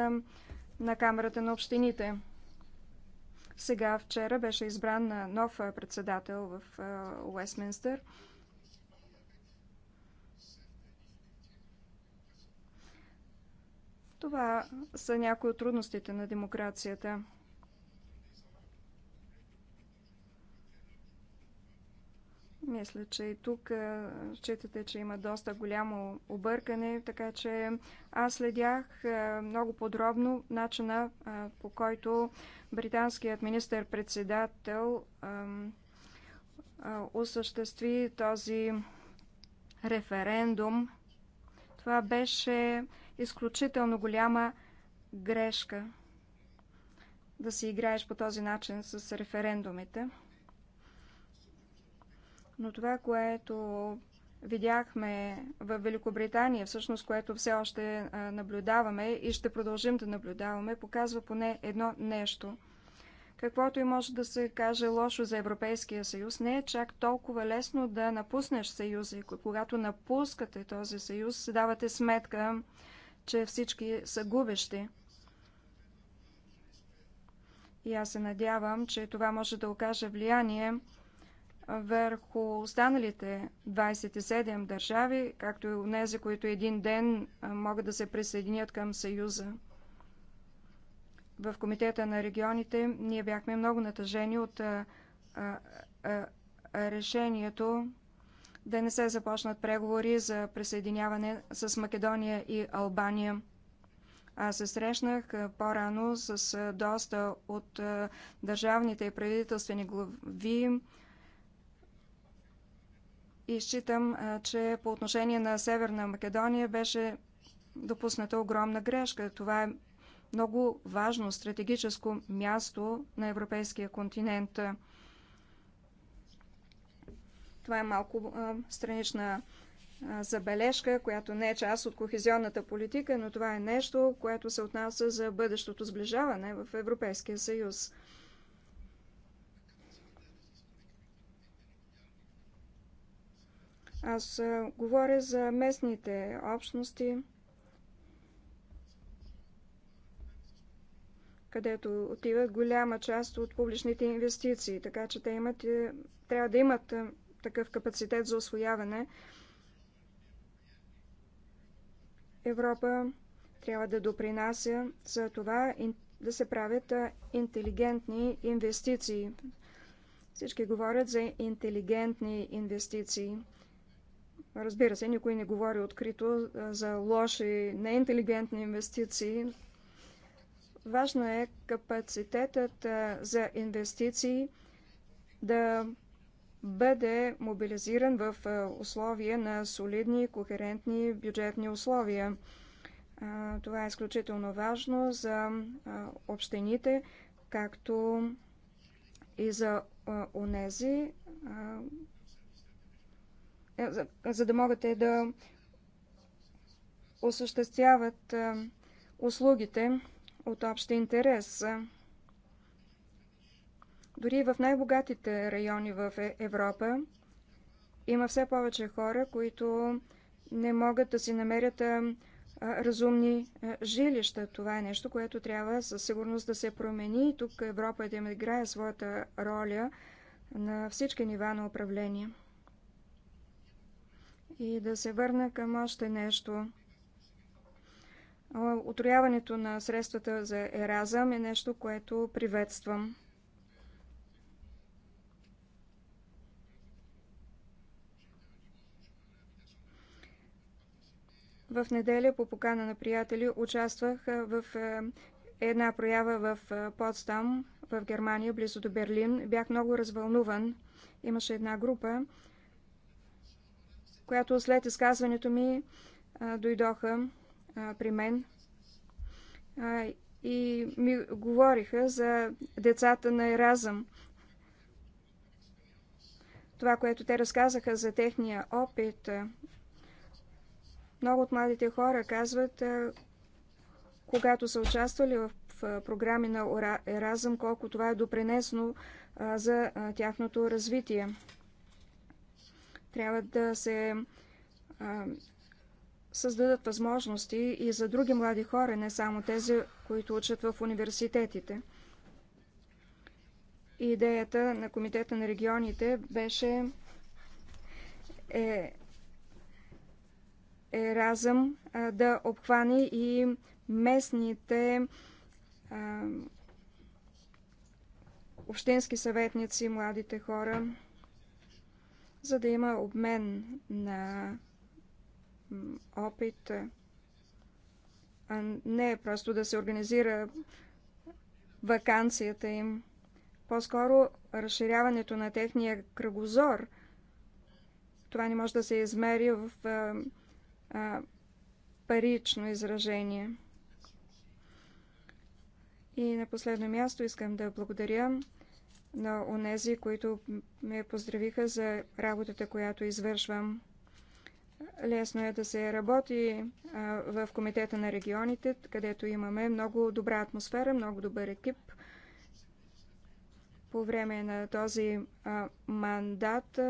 на Камерата на общините. Сега вчера беше избран нов председател в Уестминстър. Това са някои от трудностите на демокрацията. Мисля, че и тук считате, че има доста голямо объркане, така че аз следях много подробно начина по който британският министър-председател осъществи този референдум. Това беше изключително голяма грешка да си играеш по този начин с референдумите. Но това, което видяхме в Великобритания, всъщност, което все още е, наблюдаваме и ще продължим да наблюдаваме, показва поне едно нещо. Каквото и може да се каже лошо за Европейския съюз, не е чак толкова лесно да напуснеш съюза. И когато напускате този съюз, се давате сметка, че всички са губещи. И аз се надявам, че това може да окаже влияние върху останалите 27 държави, както и унези, които един ден могат да се присъединят към Съюза. В Комитета на регионите ние бяхме много натъжени от а, а, а, решението да не се започнат преговори за присъединяване с Македония и Албания. Аз се срещнах по-рано с доста от държавните и правителствени глави и считам, че по отношение на Северна Македония беше допусната огромна грешка. Това е много важно стратегическо място на европейския континент. Това е малко а, странична а, забележка, която не е част от кохезионната политика, но това е нещо, което се отнася за бъдещото сближаване в Европейския съюз. Аз говоря за местните общности, където отиват голяма част от публичните инвестиции, така че те имат, е, трябва да имат е, такъв капацитет за освояване. Европа трябва да допринася за това да се правят е, интелигентни инвестиции. Всички говорят за интелигентни инвестиции. Разбира се, никой не говори открито за лоши, неинтелигентни инвестиции. Важно е капацитетът за инвестиции да бъде мобилизиран в условия на солидни и кохерентни бюджетни условия. Това е изключително важно за общините, както и за онези, е, за, за да могат те да осъществяват е, услугите от общ интерес. Дори в най-богатите райони в е, Европа има все повече хора, които не могат да си намерят разумни жилища. Това е нещо, което трябва със сигурност да се промени и тук Европа е да им играе своята роля на всички нива на управление. И да се върна към още нещо. Отрояването на средствата за еразъм е нещо, което приветствам. В неделя по покана на приятели участвах в една проява в Потсдам в Германия, близо до Берлин. Бях много развълнуван. Имаше една група, която след изказването ми дойдоха при мен и ми говориха за децата на Еразъм. Това, което те разказаха за техния опит, много от младите хора казват, когато са участвали в програми на Еразъм, колко това е допринесно за тяхното развитие. Трябва да се а, създадат възможности и за други млади хора, не само тези, които учат в университетите. Идеята на Комитета на регионите беше е, е разъм а, да обхване и местните а, общински съветници, младите хора за да има обмен на опит, а не просто да се организира вакансията им. По-скоро разширяването на техния кръгозор. Това не може да се измери в а, а, парично изражение. И на последно място искам да благодаря на онези, които ме поздравиха за работата, която извършвам. Лесно е да се работи в Комитета на регионите, където имаме много добра атмосфера, много добър екип. По време на този мандат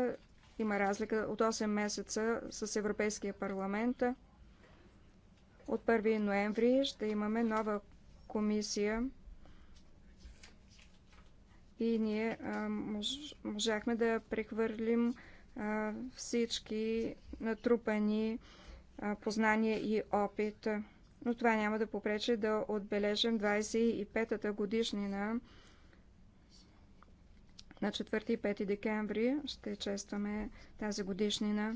има разлика от 8 месеца с Европейския парламент. От 1 ноември ще имаме нова комисия и ние можахме да прехвърлим всички натрупани познания и опит. Но това няма да попречи да отбележим 25-та годишнина на 4 и 5 декември. Ще честваме тази годишнина.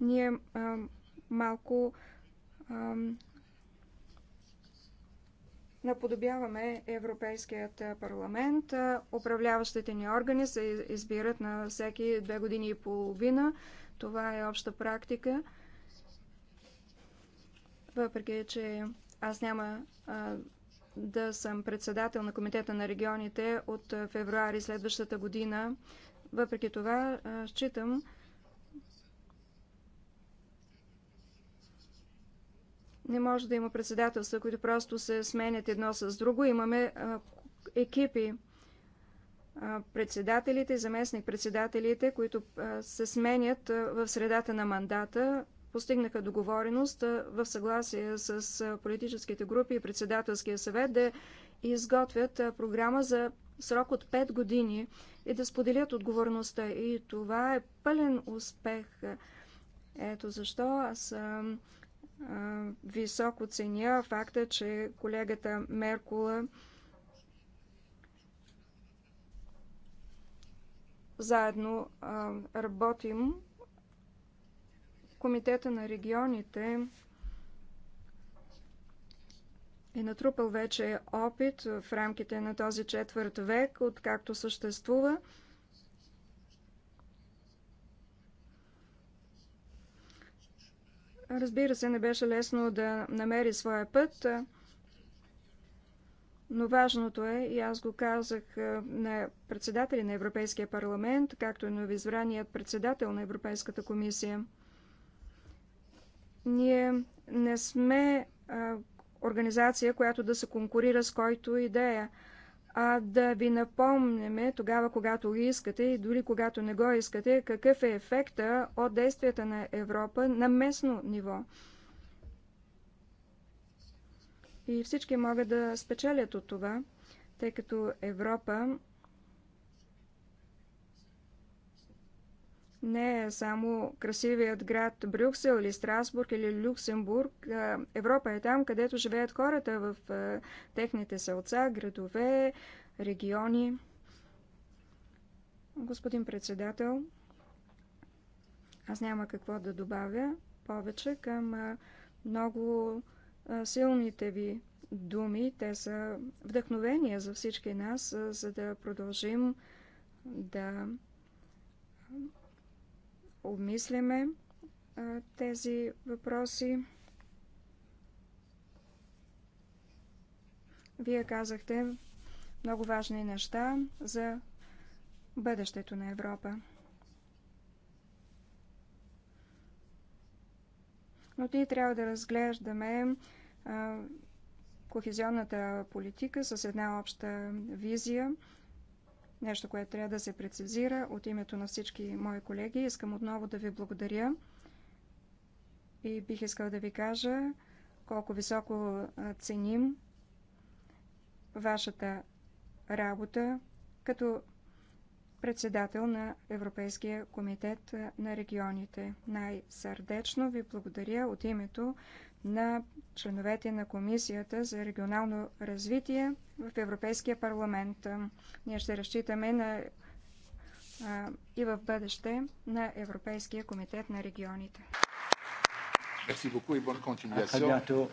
Ние малко ам, наподобяваме Европейският парламент. Управляващите ни органи се избират на всеки две години и половина. Това е обща практика. Въпреки, че аз няма а, да съм председател на Комитета на регионите от февруари следващата година, въпреки това а, считам, Не може да има председателства, които просто се сменят едно с друго. Имаме екипи председателите и заместник-председателите, които се сменят в средата на мандата, постигнаха договореност в съгласие с политическите групи и председателския съвет да изготвят програма за срок от 5 години и да споделят отговорността. И това е пълен успех. Ето защо аз високо ценя факта, че колегата Меркула заедно работим. Комитета на регионите е натрупал вече опит в рамките на този четвърт век, откакто съществува. Разбира се, не беше лесно да намери своя път, но важното е, и аз го казах на председатели на Европейския парламент, както и на новизбраният председател на Европейската комисия. Ние не сме организация, която да се конкурира с който идея а да ви напомняме тогава, когато искате и дори когато не го искате, какъв е ефекта от действията на Европа на местно ниво. И всички могат да спечелят от това, тъй като Европа не е само красивият град Брюксел или Страсбург или Люксембург. Европа е там, където живеят хората в техните селца, градове, региони. Господин председател, аз няма какво да добавя повече към много силните ви думи. Те са вдъхновения за всички нас, за да продължим да обмисляме тези въпроси. Вие казахте много важни неща за бъдещето на Европа. Но ние трябва да разглеждаме а, кохезионната политика с една обща визия – нещо, което трябва да се прецизира от името на всички мои колеги. Искам отново да ви благодаря и бих искал да ви кажа колко високо ценим вашата работа като председател на Европейския комитет на регионите. Най-сърдечно ви благодаря от името на членовете на Комисията за регионално развитие в Европейския парламент. Ние ще разчитаме на, а, и в бъдеще на Европейския комитет на регионите. Merci beaucoup et bonne continuation.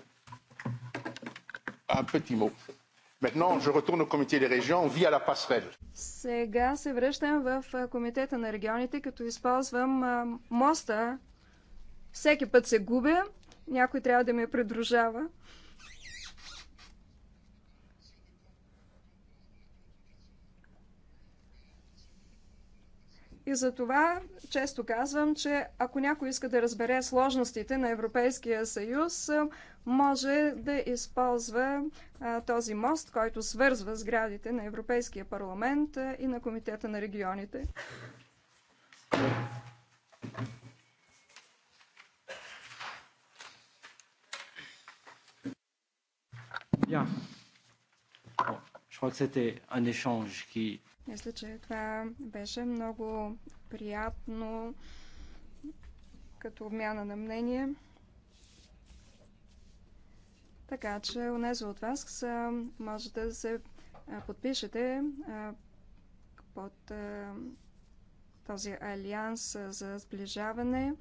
Un petit mot. Maintenant, je retourne au comité des régions via la passerelle. Сега се връщам в комитета на регионите, като използвам моста. Всеки път се губя. Някой трябва да ме придружава. И за това често казвам, че ако някой иска да разбере сложностите на Европейския съюз, може да използва а, този мост, който свързва сградите на Европейския парламент и на Комитета на регионите. Bien. Bon, je crois que c'était un échange qui... Мисля, че това беше много приятно като обмяна на мнение. Така че унези от вас можете да се подпишете под този алианс за сближаване.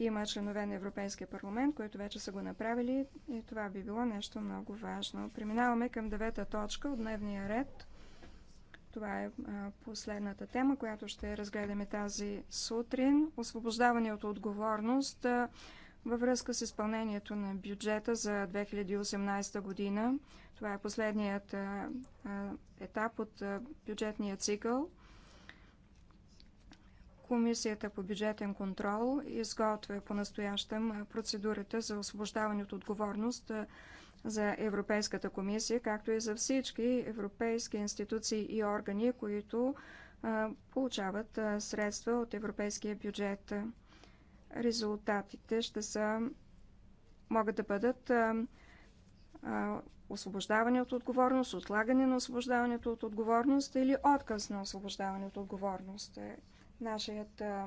Има членове на Европейския парламент, които вече са го направили и това би било нещо много важно. Преминаваме към девета точка от дневния ред. Това е последната тема, която ще разгледаме тази сутрин. Освобождаване от отговорност във връзка с изпълнението на бюджета за 2018 година. Това е последният етап от бюджетния цикъл. Комисията по бюджетен контрол изготвя по-настоящем процедурата за освобождаване от отговорност за Европейската комисия, както и за всички европейски институции и органи, които получават средства от европейския бюджет. Резултатите ще са, могат да бъдат освобождаване от отговорност, отлагане на освобождаването от отговорност или отказ на освобождаване от отговорност. Нашата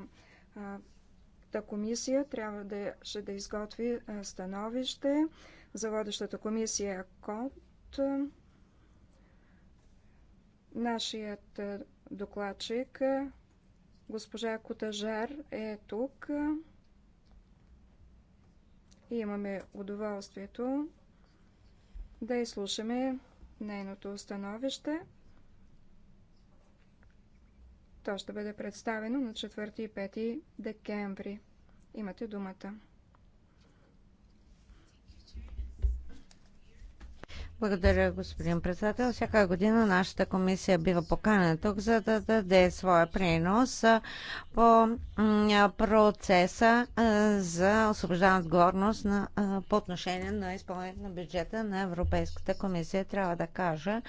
комисия трябва да, ще да изготви становище за водещата комисия е КОД. Нашият докладчик, госпожа Котажар, е тук. И имаме удоволствието да изслушаме нейното становище. То ще бъде представено на 4 и 5 декември. Имате думата. Благодаря, господин председател. Всяка година нашата комисия бива поканена тук, за да даде своя принос по процеса за освобождаване отговорност на, по отношение на изпълнението на бюджета на Европейската комисия. Трябва да кажа,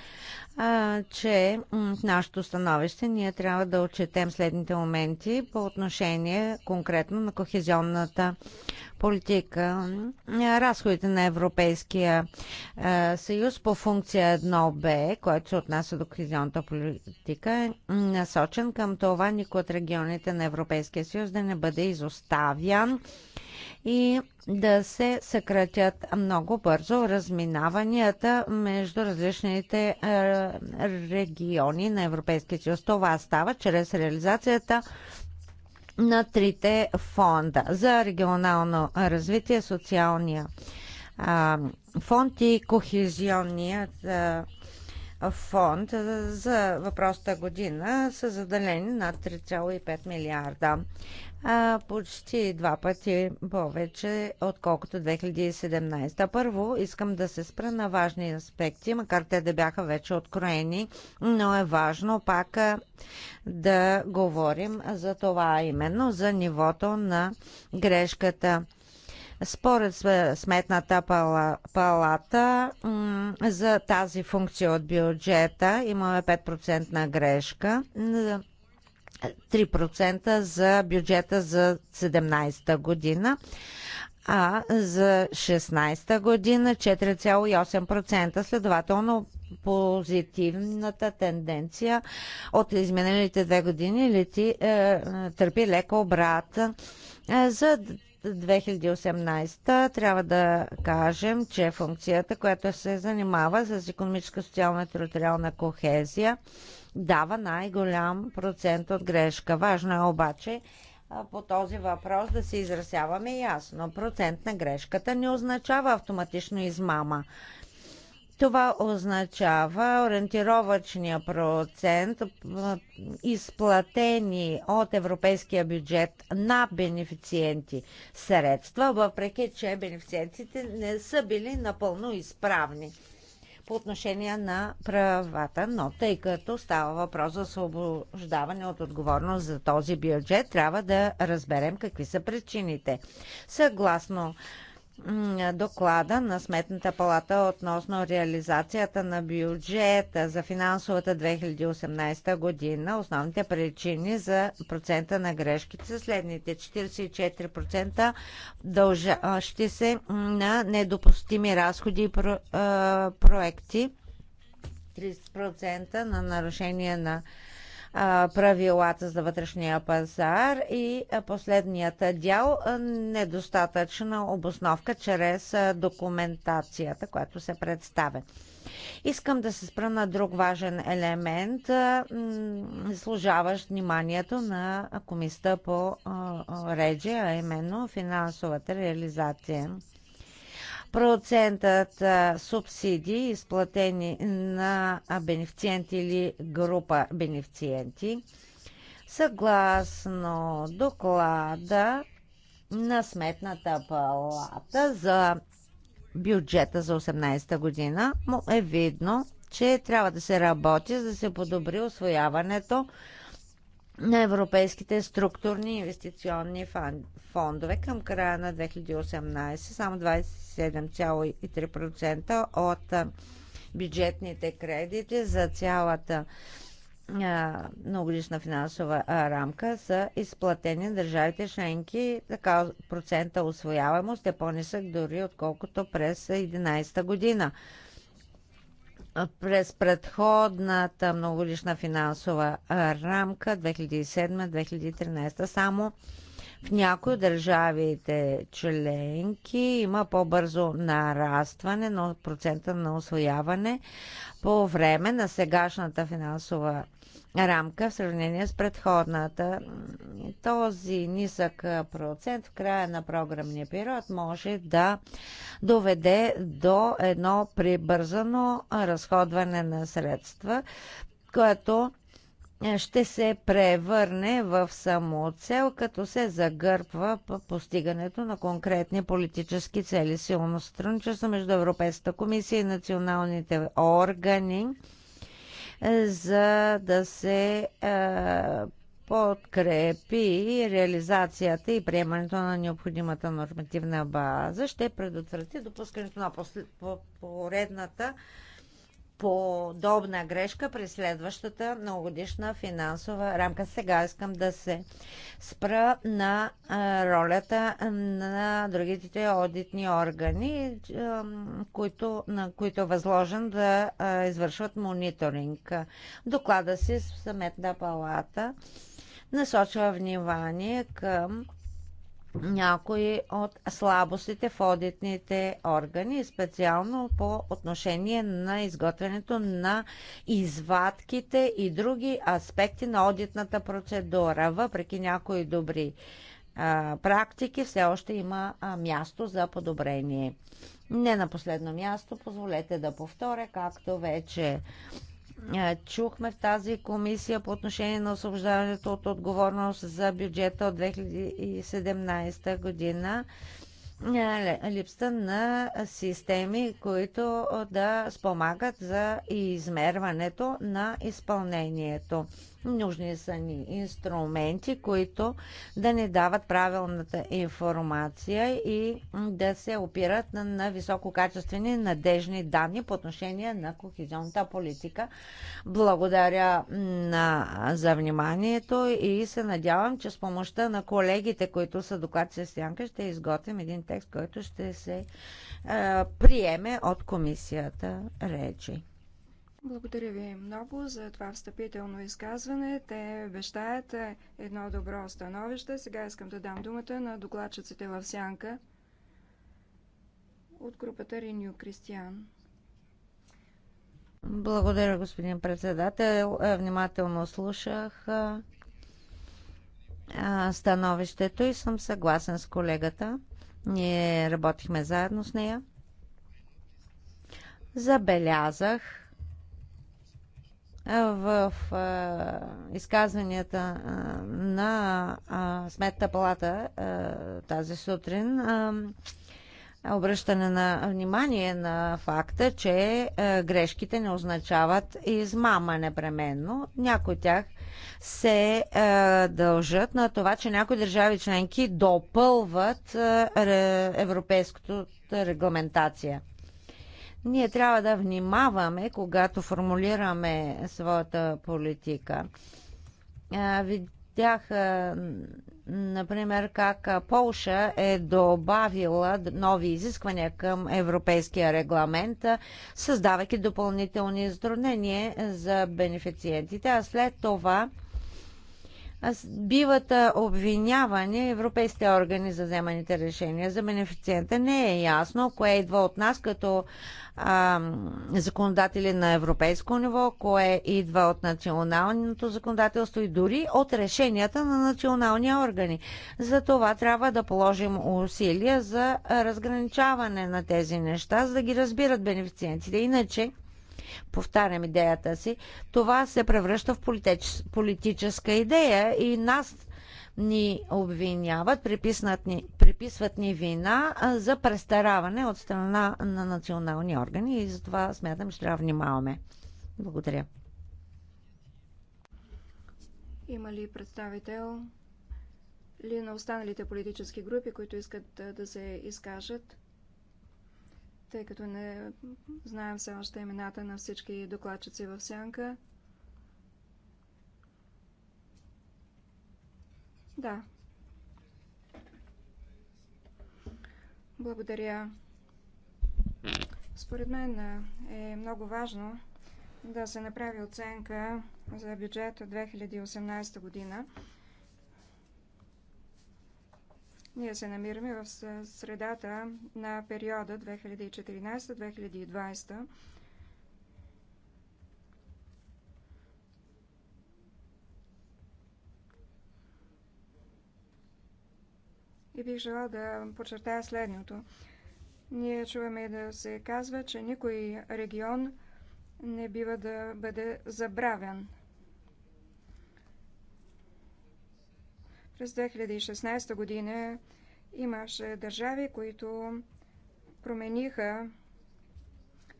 че в нашето становище ние трябва да отчетем следните моменти по отношение конкретно на кохезионната политика. Разходите на Европейския е, съюз по функция 1Б, който се отнася до кризионната политика, е насочен към това никой от регионите на Европейския съюз да не бъде изоставян и да се съкратят много бързо разминаванията между различните е, региони на Европейския съюз. Това става чрез реализацията на трите фонда за регионално развитие, социалния а, фонд и кохезионният а, фонд за въпросата година са заделени над 3,5 милиарда а, почти два пъти повече, отколкото 2017. Първо, искам да се спра на важни аспекти, макар те да бяха вече откроени, но е важно пак да говорим за това, именно за нивото на грешката. Според сметната палата за тази функция от бюджета имаме 5% грешка. 3% за бюджета за 17-та година а за 16-та година 4,8%. Следователно позитивната тенденция от изминалите две години лети, е, търпи лека обрат. Е, за 2018 трябва да кажем, че функцията, която се занимава с економическа, социална и териториална кохезия, дава най-голям процент от грешка. Важно е обаче по този въпрос да се изразяваме ясно. Процент на грешката не означава автоматично измама. Това означава ориентировачния процент изплатени от европейския бюджет на бенефициенти средства, въпреки че бенефициентите не са били напълно изправни по отношение на правата, но тъй като става въпрос за освобождаване от отговорност за този бюджет, трябва да разберем какви са причините. Съгласно доклада на Сметната палата относно реализацията на бюджета за финансовата 2018 година. Основните причини за процента на грешките са следните. 44% дължащи се на недопустими разходи и проекти, 30% на нарушение на правилата за вътрешния пазар и последният дял недостатъчна обосновка чрез документацията, която се представя. Искам да се спра на друг важен елемент, служаващ вниманието на комисията по реджи, а именно финансовата реализация процентът субсидии, изплатени на бенефициенти или група бенефициенти. Съгласно доклада на Сметната палата за бюджета за 18-та година, е видно, че трябва да се работи, за да се подобри освояването на европейските структурни инвестиционни фондове. Към края на 2018 само 27,3% от бюджетните кредити за цялата многогодишна финансова рамка са изплатени държавите членки, така процента освояемост е по-нисък дори отколкото през 2011 година през предходната многолична финансова рамка 2007-2013 само в някои държавите членки има по-бързо нарастване на процента на освояване по време на сегашната финансова рамка в сравнение с предходната. Този нисък процент в края на програмния период може да доведе до едно прибързано разходване на средства, което ще се превърне в самоцел, като се загърпва постигането на конкретни политически цели. Силно сътрудничество между Европейската комисия и националните органи е, за да се е, подкрепи реализацията и приемането на необходимата нормативна база, ще предотврати допускането на поредната подобна грешка през следващата многогодишна финансова рамка. Сега искам да се спра на ролята на другите одитни органи, които, на които е възложен да извършват мониторинг. Доклада си Съметна палата насочва внимание към някои от слабостите в одитните органи, специално по отношение на изготвянето на извадките и други аспекти на одитната процедура. Въпреки някои добри а, практики, все още има а, място за подобрение. Не на последно място, позволете да повторя, както вече е, чухме в тази комисия по отношение на освобождаването от отговорност за бюджета от 2017 година липсата на системи, които да спомагат за измерването на изпълнението. Нужни са ни инструменти, които да ни дават правилната информация и да се опират на, на висококачествени, надежни данни по отношение на кохезионната политика. Благодаря на, за вниманието и се надявам, че с помощта на колегите, които са докладци с Сянка, ще изготвим един текст, който ще се а, приеме от комисията речи. Благодаря ви много за това встъпително изказване. Те обещаят е, едно добро становище. Сега искам да дам думата на докладчиците в Сянка от групата Renew Кристиян. Благодаря, господин председател. Е, внимателно слушах е, становището и съм съгласен с колегата. Ние работихме заедно с нея. Забелязах в изказванията на Сметта палата тази сутрин обръщане на внимание на факта, че грешките не означават измама непременно. Някои от тях се а, е, дължат на това, че някои държави членки допълват а, е, европейското регламентация. Ние трябва да внимаваме, когато формулираме своята политика. Е, тях, например, как Полша е добавила нови изисквания към европейския регламент, създавайки допълнителни затруднения за бенефициентите, а след това биват обвинявани е европейските органи за вземаните решения. За бенефициента не е ясно кое идва от нас като а, законодатели на европейско ниво, кое идва от националното законодателство и дори от решенията на национални органи. За това трябва да положим усилия за разграничаване на тези неща, за да ги разбират бенефициентите. Иначе повтарям идеята си, това се превръща в политич, политическа идея и нас ни обвиняват, приписват ни, приписват ни вина за престараване от страна на национални органи и затова смятам, че трябва да внимаваме. Благодаря. Има ли представител ли на останалите политически групи, които искат да се изкажат? тъй като не знаем все още имената на всички докладчици в сянка. Да. Благодаря. Според мен е много важно да се направи оценка за бюджет 2018 година. Ние се намираме в средата на периода 2014-2020. И бих желала да подчертая следното. Ние чуваме да се казва, че никой регион не бива да бъде забравен – През 2016 година имаше държави, които промениха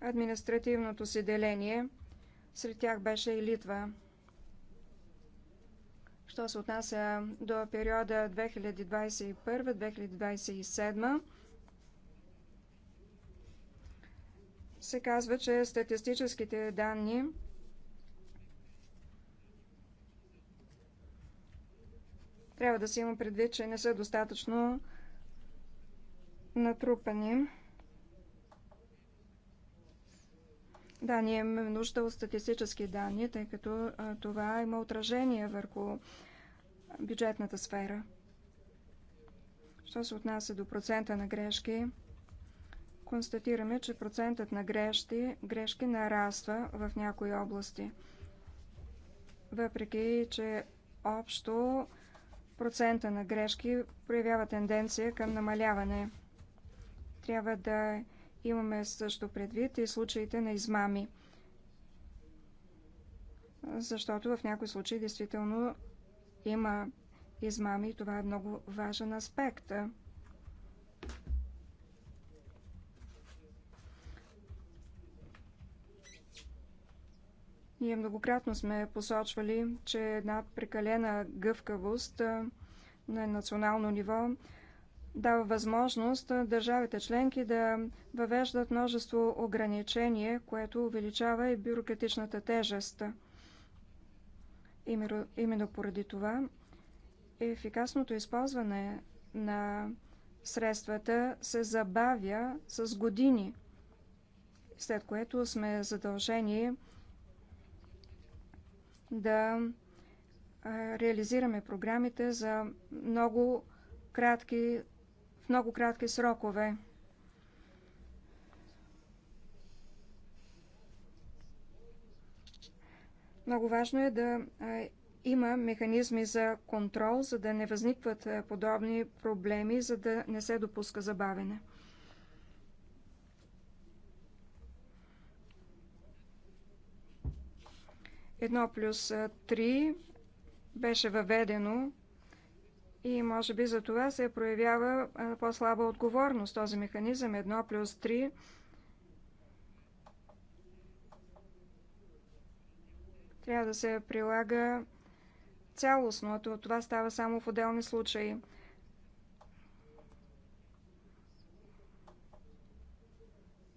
административното си деление. Сред тях беше и Литва. Що се отнася до периода 2021-2027, се казва, че статистическите данни Трябва да се има предвид, че не са достатъчно натрупани. Да, ние имаме нужда от статистически данни, тъй като това има отражение върху бюджетната сфера. Що се отнася до процента на грешки, констатираме, че процентът на грешки, грешки нараства в някои области. Въпреки, че общо процента на грешки проявява тенденция към намаляване. Трябва да имаме също предвид и случаите на измами, защото в някои случаи действително има измами и това е много важен аспект. Ние многократно сме посочвали, че една прекалена гъвкавост на национално ниво дава възможност държавите членки да въвеждат множество ограничения, което увеличава и бюрократичната тежест. Именно поради това ефикасното използване на средствата се забавя с години, след което сме задължени да реализираме програмите за много кратки, в много кратки срокове. Много важно е да има механизми за контрол, за да не възникват подобни проблеми, за да не се допуска забавене. Едно плюс 3 беше въведено и може би за това се проявява по-слаба отговорност. Този механизъм 1 плюс 3 трябва да се прилага цялостно, а това става само в отделни случаи.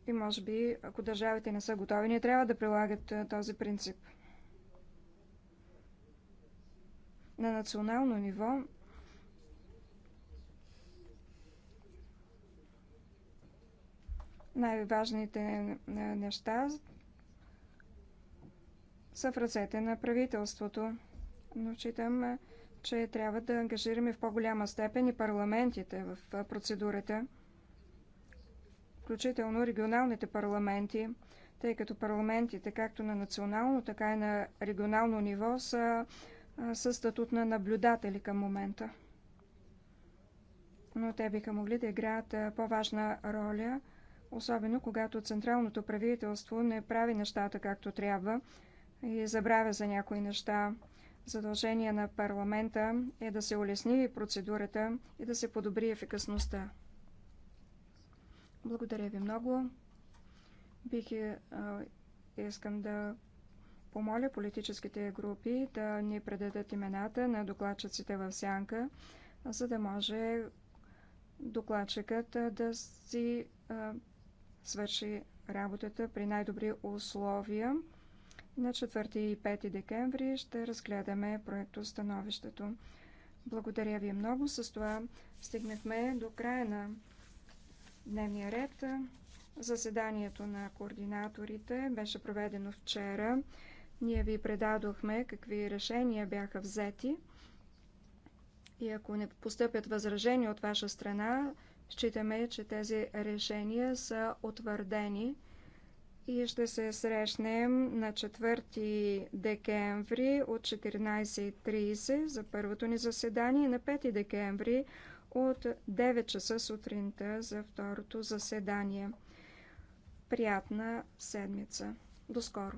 И може би, ако държавите не са готови, не трябва да прилагат този принцип. на национално ниво най-важните неща са в ръцете на правителството. Но читам, че трябва да ангажираме в по-голяма степен и парламентите в процедурата, включително регионалните парламенти, тъй като парламентите както на национално, така и на регионално ниво са със статут на наблюдатели към момента. Но те биха могли да играят по-важна роля, особено когато централното правителство не прави нещата както трябва и забравя за някои неща. Задължение на парламента е да се улесни процедурата и да се подобри ефикасността. Благодаря ви много. Бих е, искам да помоля политическите групи да ни предадат имената на докладчиците в сянка, за да може докладчикът да си свърши работата при най-добри условия. На 4 и 5 декември ще разгледаме проекто становището. Благодаря ви много. С това стигнахме до края на дневния ред. Заседанието на координаторите беше проведено вчера. Ние ви предадохме какви решения бяха взети и ако не постъпят възражения от ваша страна, считаме, че тези решения са утвърдени и ще се срещнем на 4 декември от 14.30 за първото ни заседание и на 5 декември от 9 часа сутринта за второто заседание. Приятна седмица! До скоро!